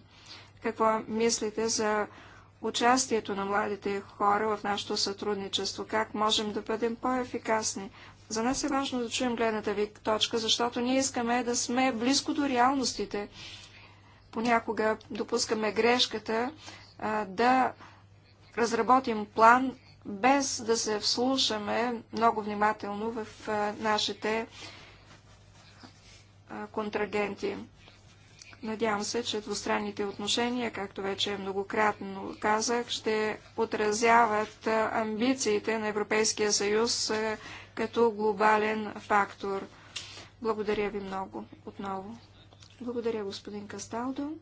Какво мислите за участието на младите хора в нашето сътрудничество? Как можем да бъдем по-ефикасни? За нас е важно да чуем гледната ви точка, защото ние искаме да сме близко до реалностите. Понякога допускаме грешката а, да разработим план без да се вслушаме много внимателно в нашите контрагенти. Надявам се, че двустранните отношения, както вече многократно казах, ще отразяват амбициите на Европейския съюз като глобален фактор. Благодаря ви много отново. Благодаря, господин Касталдо.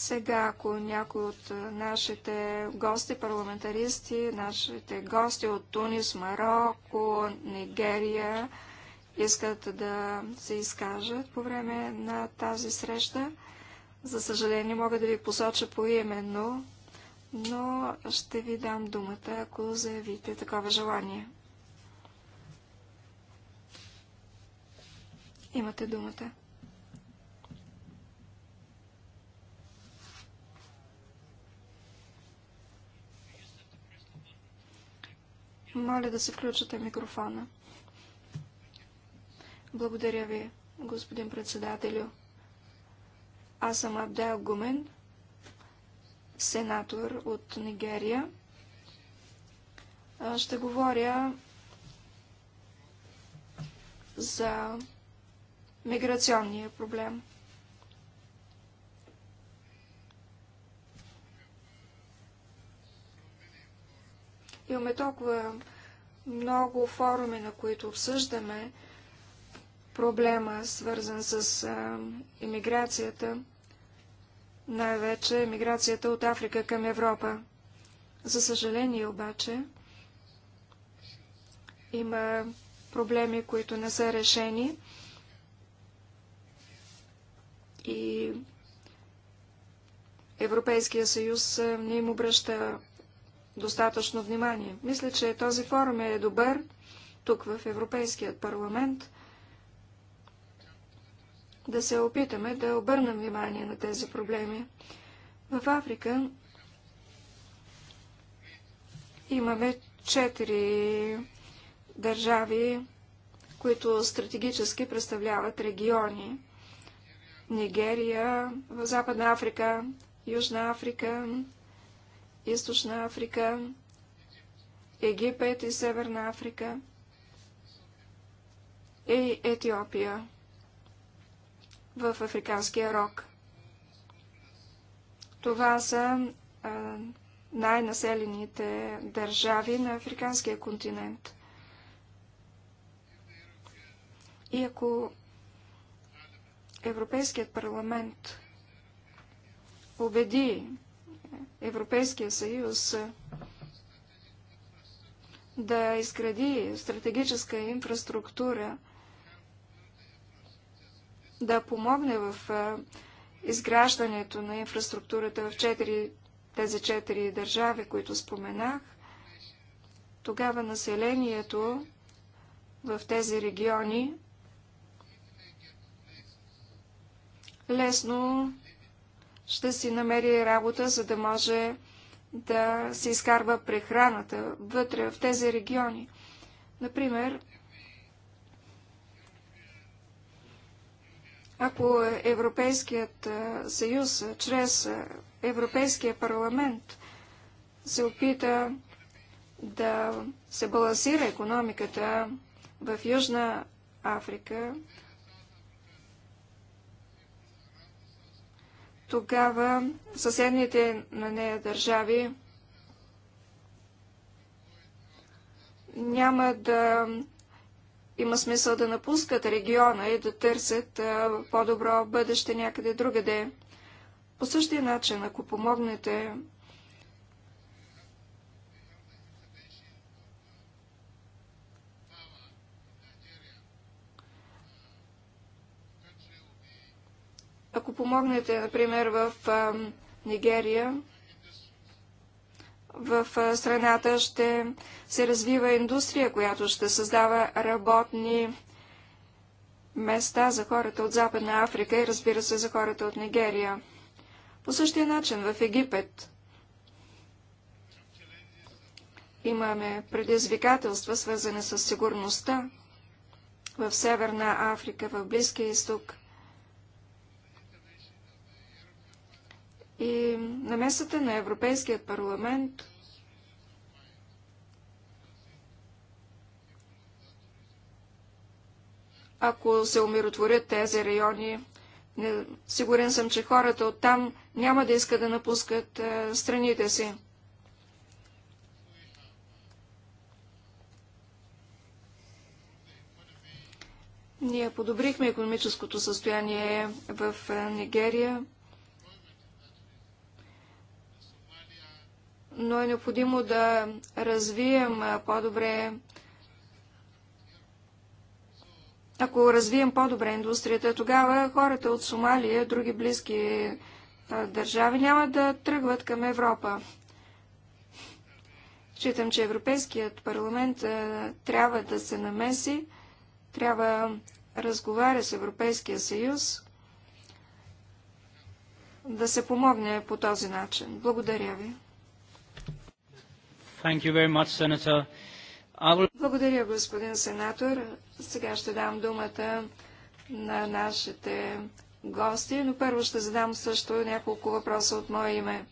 Сега, ако някой от нашите гости, парламентаристи, нашите гости от Тунис, Марокко, Нигерия, искат да се изкажат по време на тази среща, за съжаление мога да ви посоча поименно, но ще ви дам думата, ако заявите такова желание. Имате думата. Моля да се включате микрофона. Благодаря ви, господин председателю. Аз съм Абдел Гумен, сенатор от Нигерия. Ще говоря за миграционния проблем. Имаме толкова много форуми, на които обсъждаме проблема, свързан с иммиграцията, най-вече емиграцията от Африка към Европа. За съжаление обаче, има проблеми, които не са решени и Европейския съюз не им обръща достатъчно внимание. Мисля, че този форум е добър тук в Европейският парламент да се опитаме да обърнем внимание на тези проблеми. В Африка имаме четири държави, които стратегически представляват региони. Нигерия, Западна Африка, Южна Африка, Източна Африка, Египет и Северна Африка и Етиопия в Африканския рок. Това са най-населените държави на Африканския континент. И ако Европейският парламент убеди Европейския съюз да изгради стратегическа инфраструктура, да помогне в изграждането на инфраструктурата в четири, тези четири държави, които споменах, тогава населението в тези региони лесно ще си намери работа, за да може да се изкарва прехраната вътре в тези региони. Например, ако Европейският съюз чрез Европейския парламент се опита да се балансира економиката в Южна Африка, тогава съседните на нея държави няма да има смисъл да напускат региона и да търсят по-добро бъдеще някъде другаде. По същия начин, ако помогнете Ако помогнете, например, в Нигерия, в страната ще се развива индустрия, която ще създава работни места за хората от Западна Африка и разбира се за хората от Нигерия. По същия начин в Египет имаме предизвикателства, свързани с сигурността в Северна Африка, в Близкия изток. и намесата на Европейския парламент ако се умиротворят тези райони. сигурен съм, че хората оттам няма да искат да напускат е, страните си. Ние подобрихме економическото състояние в е, Нигерия. но е необходимо да развием по-добре ако развием по-добре индустрията, тогава хората от Сомалия, други близки държави, няма да тръгват към Европа. Считам, че Европейският парламент трябва да се намеси, трябва разговаря с Европейския съюз, да се помогне по този начин. Благодаря ви. Благодаря, господин сенатор. Сега ще дам думата на нашите гости, но първо ще задам също няколко въпроса от мое име.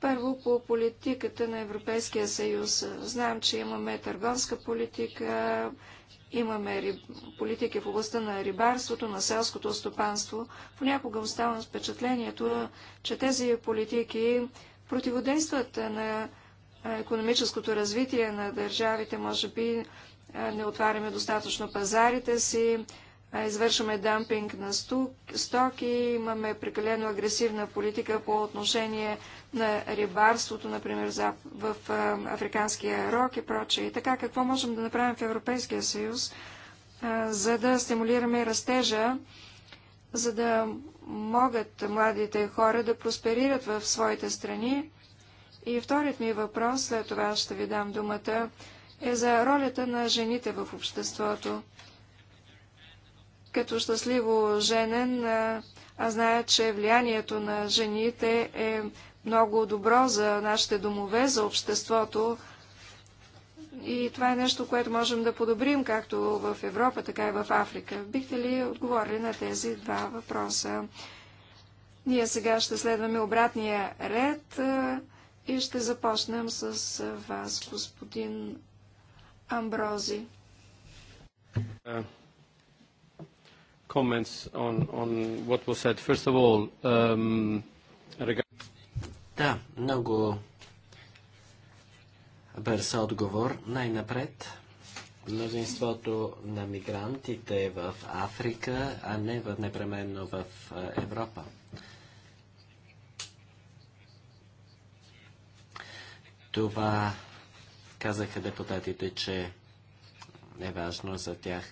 Първо по политиката на Европейския съюз. Знам, че имаме търговска политика, имаме политики в областта на рибарството, на селското стопанство. Понякога оставам с впечатлението, че тези политики противодействат на економическото развитие на държавите, може би не отваряме достатъчно пазарите си, извършваме дампинг на стоки, имаме прекалено агресивна политика по отношение на рибарството, например в Африканския рок и прочее. И така, какво можем да направим в Европейския съюз, за да стимулираме растежа, за да могат младите хора да просперират в своите страни, и вторият ми въпрос, след това ще ви дам думата, е за ролята на жените в обществото. Като щастливо женен, аз зная, че влиянието на жените е много добро за нашите домове, за обществото. И това е нещо, което можем да подобрим както в Европа, така и в Африка. Бихте ли отговорили на тези два въпроса? Ние сега ще следваме обратния ред. И ще започнем с вас, господин Амбрози. Uh, comments on, on what was said. First of all, um, да, много бърз отговор. Най-напред, мнозинството на мигрантите в Африка, а не в, непременно в Европа. Това казаха депутатите, че е важно за тях.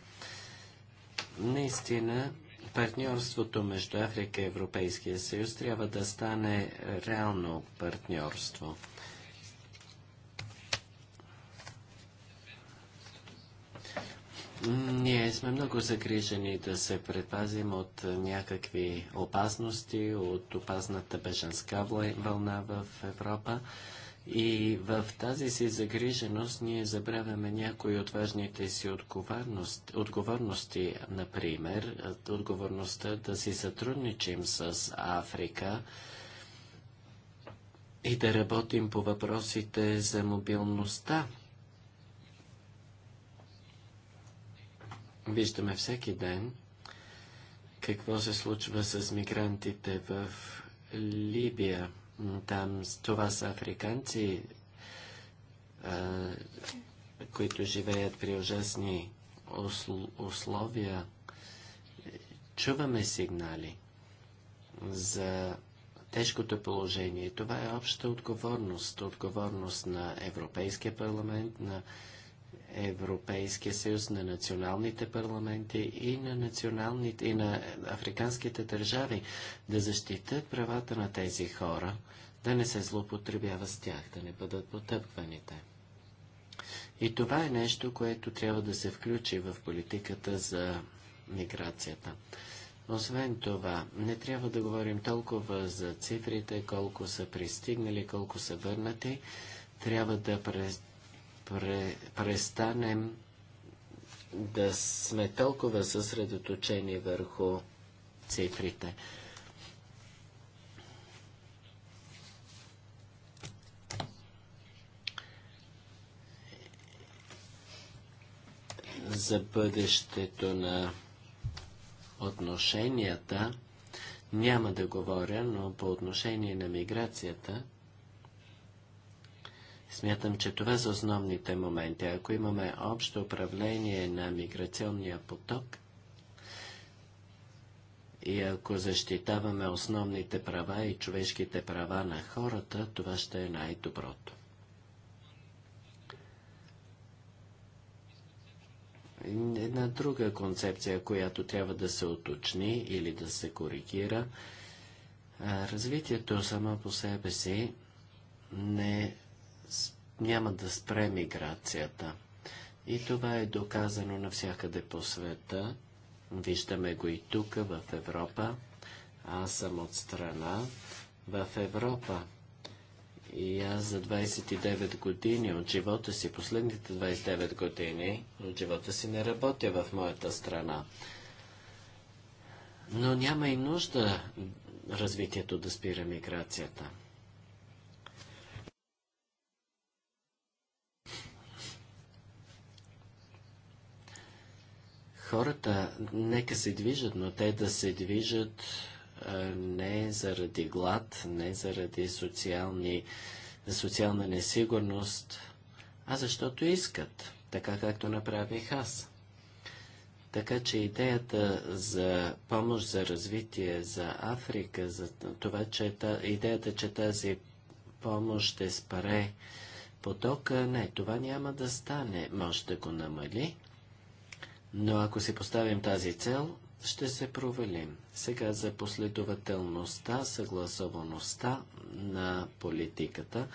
Наистина, партньорството между Африка и Европейския съюз трябва да стане реално партньорство. Ние сме много загрижени да се предпазим от някакви опасности, от опасната беженска вълна в Европа. И в тази си загриженост ние забравяме някои от важните си отговорност, отговорности, например, отговорността да си сътрудничим с Африка и да работим по въпросите за мобилността. Виждаме всеки ден какво се случва с мигрантите в Либия. Там това са африканци, които живеят при ужасни условия. Чуваме сигнали за тежкото положение. Това е обща отговорност. Отговорност на Европейския парламент, на Европейския съюз, на националните парламенти и на, националните, и на африканските държави да защитят правата на тези хора, да не се злоупотребява с тях, да не бъдат потъпваните. И това е нещо, което трябва да се включи в политиката за миграцията. Освен това, не трябва да говорим толкова за цифрите, колко са пристигнали, колко са върнати. Трябва да, през, пре, престанем да сме толкова съсредоточени върху цифрите. За бъдещето на отношенията няма да говоря, но по отношение на миграцията – Смятам, че това са основните моменти. Ако имаме общо управление на миграционния поток и ако защитаваме основните права и човешките права на хората, това ще е най-доброто. Една друга концепция, която трябва да се уточни или да се коригира, развитието само по себе си не е няма да спре миграцията. И това е доказано навсякъде по света. Виждаме го и тук, в Европа. Аз съм от страна в Европа. И аз за 29 години от живота си, последните 29 години от живота си не работя в моята страна. Но няма и нужда развитието да спира миграцията. хората нека се движат, но те да се движат не заради глад, не заради социални, социална несигурност, а защото искат, така както направих аз. Така че идеята за помощ за развитие за Африка, за това, че та, идеята, че тази помощ ще спре потока, не, това няма да стане. Може да го намали, но ако си поставим тази цел, ще се провалим. Сега за последователността, съгласоваността на политиката.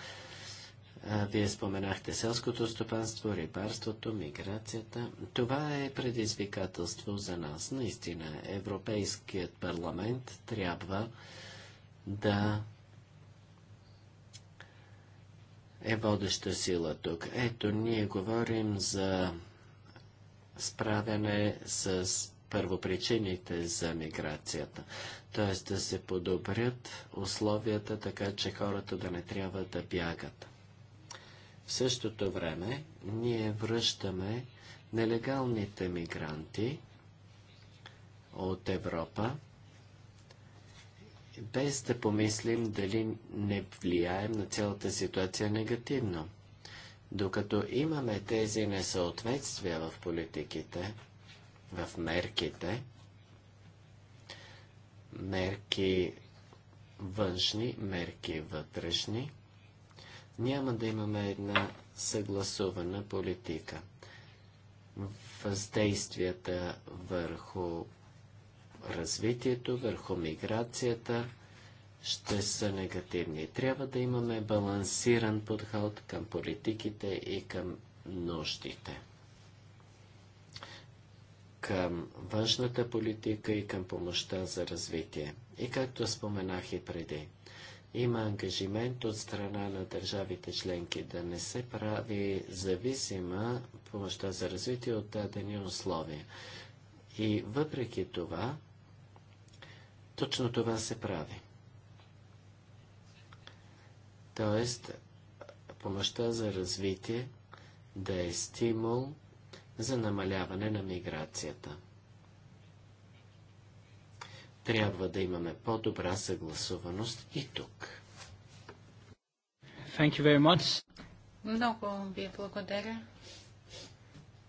Вие споменахте селското стопанство, рибарството, миграцията. Това е предизвикателство за нас. Наистина, Европейският парламент трябва да е водеща сила тук. Ето, ние говорим за справяне с първопричините за миграцията. Т.е. да се подобрят условията, така че хората да не трябва да бягат. В същото време ние връщаме нелегалните мигранти от Европа, без да помислим дали не влияем на цялата ситуация негативно. Докато имаме тези несъответствия в политиките, в мерките, мерки външни, мерки вътрешни, няма да имаме една съгласувана политика. Въздействията върху развитието, върху миграцията, ще са негативни. Трябва да имаме балансиран подход към политиките и към нуждите. Към външната политика и към помощта за развитие. И както споменах и преди, има ангажимент от страна на държавите членки да не се прави зависима помощта за развитие от дадени условия. И въпреки това, точно това се прави. Тоест, помощта за развитие да е стимул за намаляване на миграцията. Трябва да имаме по-добра съгласуваност и тук. Thank you very much. Много ви благодаря.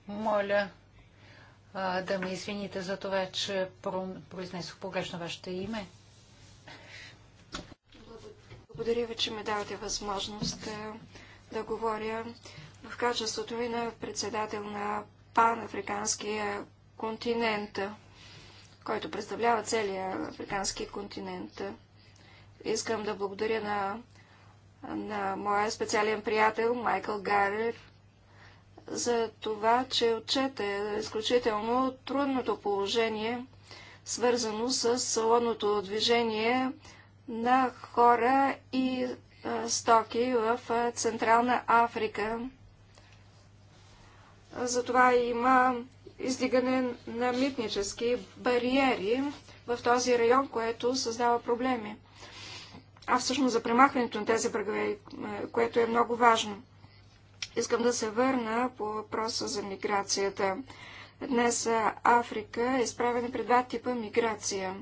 Моля а, да ме извините за това, че произнесох погрешно вашето име. Благодаря ви, че ми давате възможност е, да говоря в качеството ми на председател на панафриканския континент, който представлява целия африкански континент. Искам да благодаря на, на моя специален приятел Майкъл Гарер за това, че отчете изключително трудното положение, свързано с салонното движение на хора и стоки в Централна Африка. Затова има издигане на митнически бариери в този район, което създава проблеми. А всъщност за премахването на тези прагове, е, което е много важно. Искам да се върна по въпроса за миграцията. Днес Африка е изправена пред два типа миграция.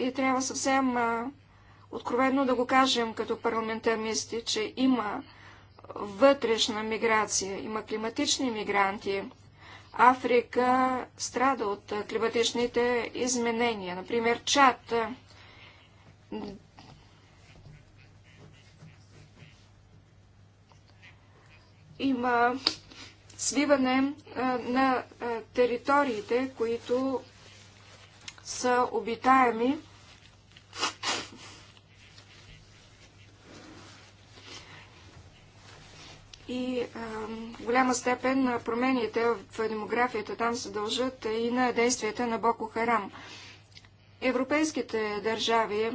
И трябва съвсем а, откровенно да го кажем като парламентаристи, че има вътрешна миграция, има климатични мигранти. Африка страда от климатичните изменения. Например, Чад. Има свиване а, на а, териториите, които са обитаеми и а, голяма степен промените в демографията там се дължат и на действията на Боко Харам. Европейските държави,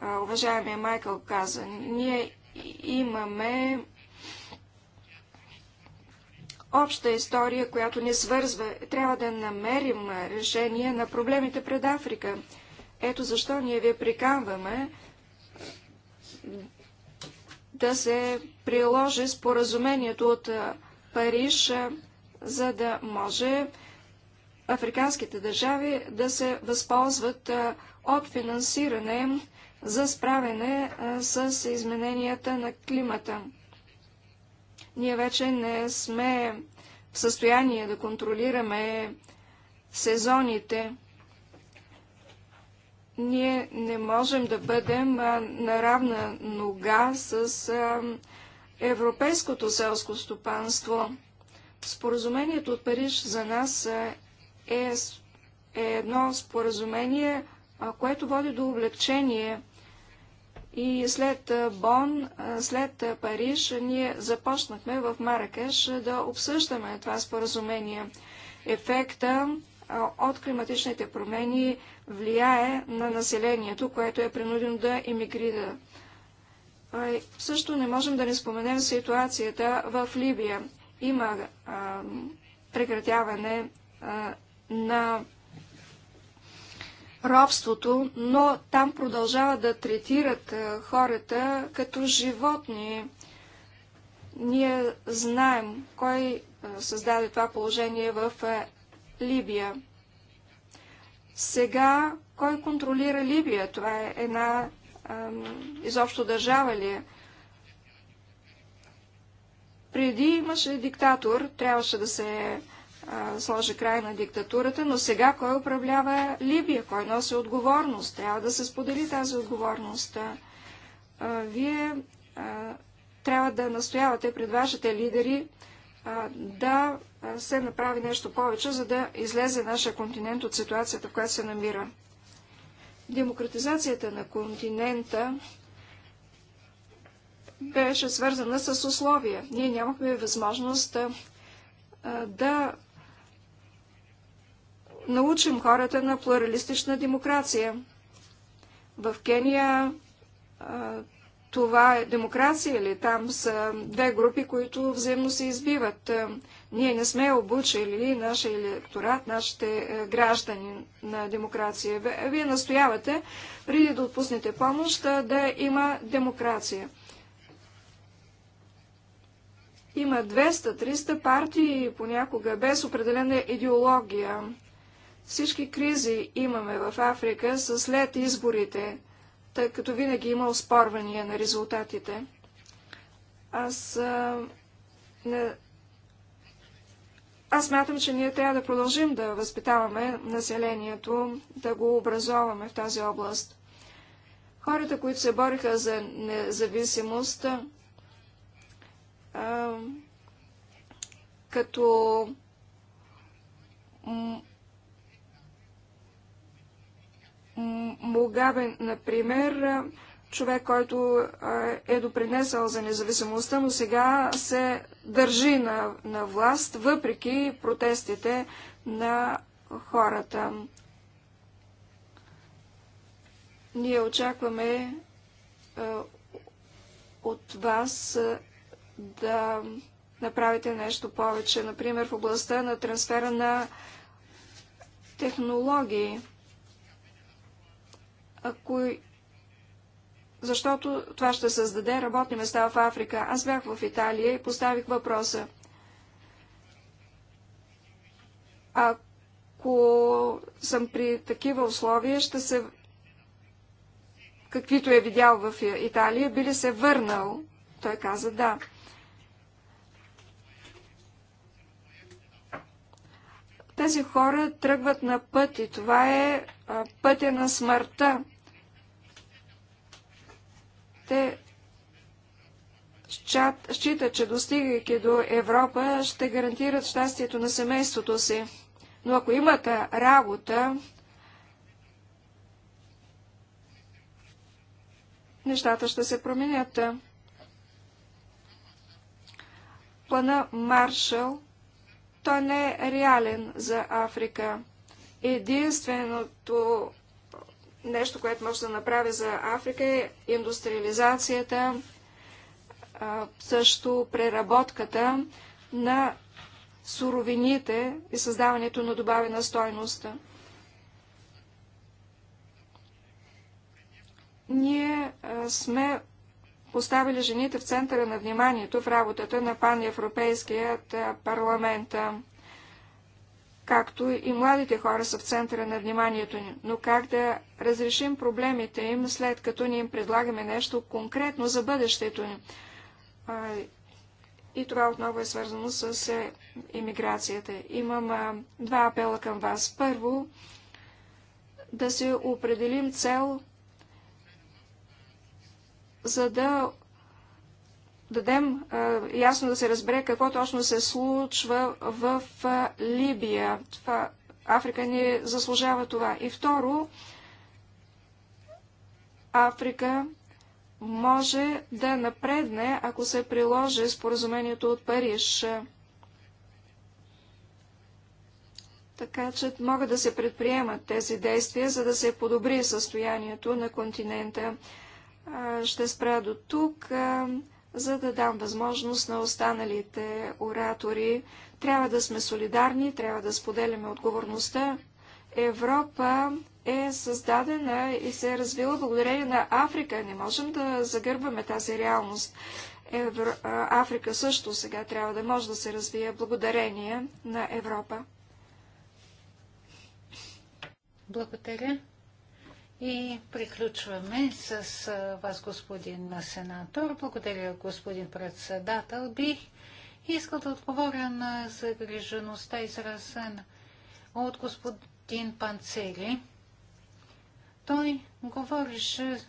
а, уважаемия Майкъл каза, ние имаме обща история, която ни свързва. Трябва да намерим решение на проблемите пред Африка. Ето защо ние ви приканваме да се приложи споразумението от Париж, за да може африканските държави да се възползват от финансиране за справяне с измененията на климата. Ние вече не сме в състояние да контролираме сезоните ние не можем да бъдем на равна нога с европейското селско стопанство. Споразумението от Париж за нас е, е едно споразумение, което води до облегчение. И след Бон, след Париж, ние започнахме в Маракеш да обсъждаме това споразумение. Ефекта от климатичните промени влияе на населението, което е принудено да емигрира. Също не можем да не споменем ситуацията в Либия. Има а, прекратяване а, на робството, но там продължават да третират а, хората като животни. Ние знаем кой създаде това положение в Либия. Сега кой контролира Либия? Това е една ам, изобщо държава ли е? Преди имаше диктатор, трябваше да се а, сложи край на диктатурата, но сега кой управлява Либия? Кой носи отговорност? Трябва да се сподели тази отговорност. А, вие а, трябва да настоявате пред вашите лидери а, да се направи нещо повече, за да излезе нашия континент от ситуацията, в която се намира. Демократизацията на континента беше свързана с условия. Ние нямахме възможност да научим хората на плуралистична демокрация. В Кения това е демокрация или там са две групи, които взаимно се избиват. Ние не сме обучили нашия електорат, нашите е, граждани на демокрация. Вие настоявате, преди да отпуснете помощ, да има демокрация. Има 200-300 партии, понякога без определена идеология. Всички кризи имаме в Африка са след изборите, тъй като винаги има оспорвания на резултатите. Аз а, не аз мятам, че ние трябва да продължим да възпитаваме населението, да го образоваме в тази област. Хората, които се бориха за независимост, а, като Мугабе, например, човек, който е допринесъл за независимостта, но сега се държи на, на власт, въпреки протестите на хората. Ние очакваме от вас да направите нещо повече, например в областта на трансфера на технологии. Ако защото това ще създаде работни места в Африка. Аз бях в Италия и поставих въпроса. Ако съм при такива условия, ще се каквито е видял в Италия, би ли се върнал? Той каза да. Тези хора тръгват на път и това е пътя на смъртта те счита, че достигайки до Европа, ще гарантират щастието на семейството си. Но ако имат работа, нещата ще се променят. Плана Маршал, той не е реален за Африка. Единственото нещо, което може да направи за Африка е индустриализацията, също преработката на суровините и създаването на добавена стойност. Ние сме поставили жените в центъра на вниманието в работата на паневропейският парламент както и младите хора са в центъра на вниманието ни. Но как да разрешим проблемите им, след като ни им предлагаме нещо конкретно за бъдещето ни? И това отново е свързано с е, иммиграцията. Имам а, два апела към вас. Първо, да се определим цел, за да дадем ясно да се разбере какво точно се случва в Либия. Това, Африка ни заслужава това. И второ, Африка може да напредне, ако се приложи споразумението от Париж. Така че могат да се предприемат тези действия, за да се подобри състоянието на континента. Ще спра до тук за да дам възможност на останалите оратори. Трябва да сме солидарни, трябва да споделяме отговорността. Европа е създадена и се е развила благодарение на Африка. Не можем да загърбваме тази реалност. Евро... Африка също сега трябва да може да се развие благодарение на Европа. Благодаря. И приключваме с вас, господин сенатор. Благодаря, господин председател. Бих искал да отговоря на загрижеността, изразена от господин Панцели. Той говореше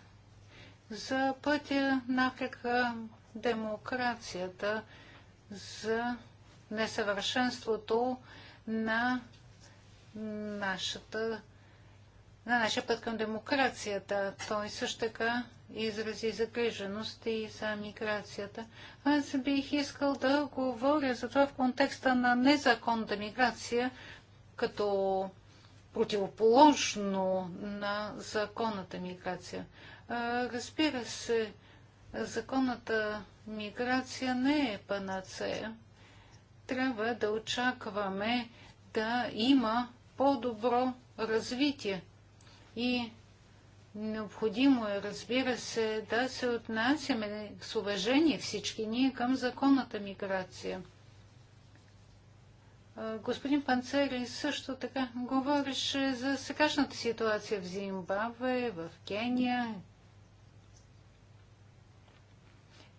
за пътя на Африка, демокрацията, за несъвършенството на нашата на нашия път към демокрацията. Той също така изрази загриженост и за миграцията. Аз бих искал да говоря за това в контекста на незаконната миграция, като противоположно на законната миграция. Разбира се, законната миграция не е панацея. Трябва да очакваме да има по-добро развитие и необходимо е, разбира се, да се отнасяме с уважение всички ние към законната миграция. Господин Панцери също така говореше за сегашната ситуация в Зимбабве, в Кения.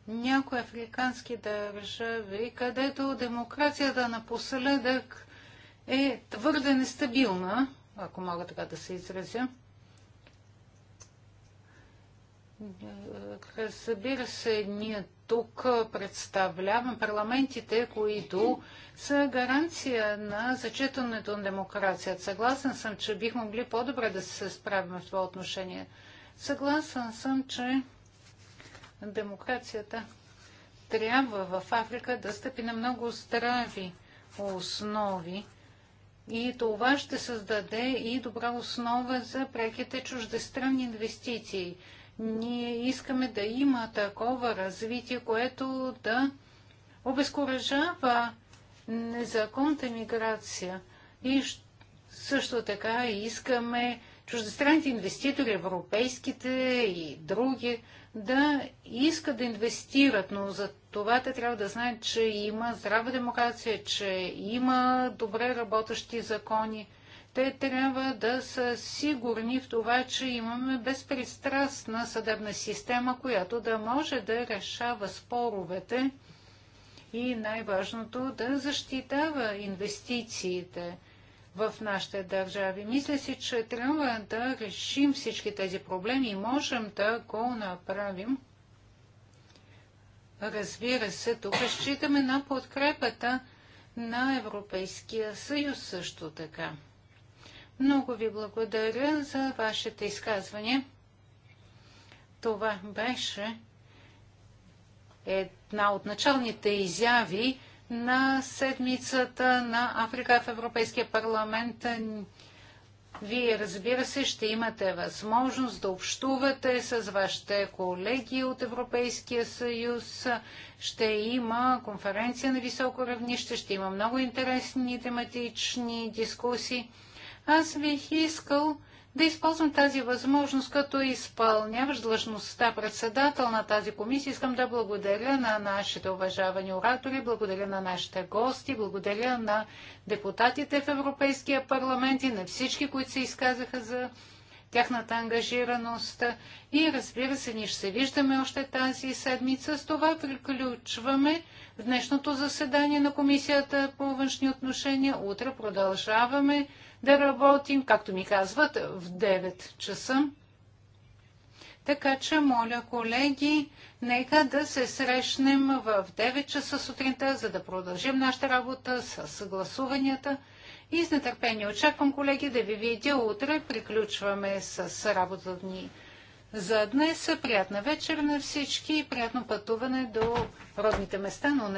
Някои африкански държави, където демокрацията напоследък е твърде нестабилна, ако мога така да се изразя. Разбира е, се, ние тук представлявам парламентите, които са гаранция на зачитането на демокрацията. Съгласен съм, че бих могли по-добре да се справим в това отношение. Съгласен съм, че демокрацията трябва в Африка да стъпи на много здрави основи. И това ще създаде и добра основа за преките чуждестранни инвестиции. Ние искаме да има такова развитие, което да обезкуражава незаконната миграция. И също така искаме чуждестранните инвеститори, европейските и други, да искат да инвестират, но за това те трябва да знаят, че има здрава демокрация, че има добре работещи закони те трябва да са сигурни в това, че имаме безпристрастна съдебна система, която да може да решава споровете и най-важното да защитава инвестициите в нашите държави. Мисля си, че трябва да решим всички тези проблеми и можем да го направим. Разбира се, тук считаме на подкрепата на Европейския съюз също така. Много ви благодаря за вашите изказвания. Това беше една от началните изяви на седмицата на Африка в Европейския парламент. Вие, разбира се, ще имате възможност да общувате с вашите колеги от Европейския съюз. Ще има конференция на високо равнище, ще има много интересни тематични дискусии. Аз бих искал да използвам тази възможност като изпълняваш длъжността председател на тази комисия. Искам да благодаря на нашите уважавани оратори, благодаря на нашите гости, благодаря на депутатите в Европейския парламент и на всички, които се изказаха за тяхната ангажираност. И разбира се, ние ще се виждаме още тази седмица. С това приключваме днешното заседание на Комисията по външни отношения. Утре продължаваме да работим, както ми казват, в 9 часа. Така че, моля, колеги, нека да се срещнем в 9 часа сутринта, за да продължим нашата работа с съгласуванията. И с нетърпение очаквам, колеги, да ви видя утре. Приключваме с работата ни за днес. Приятна вечер на всички и приятно пътуване до родните места, но не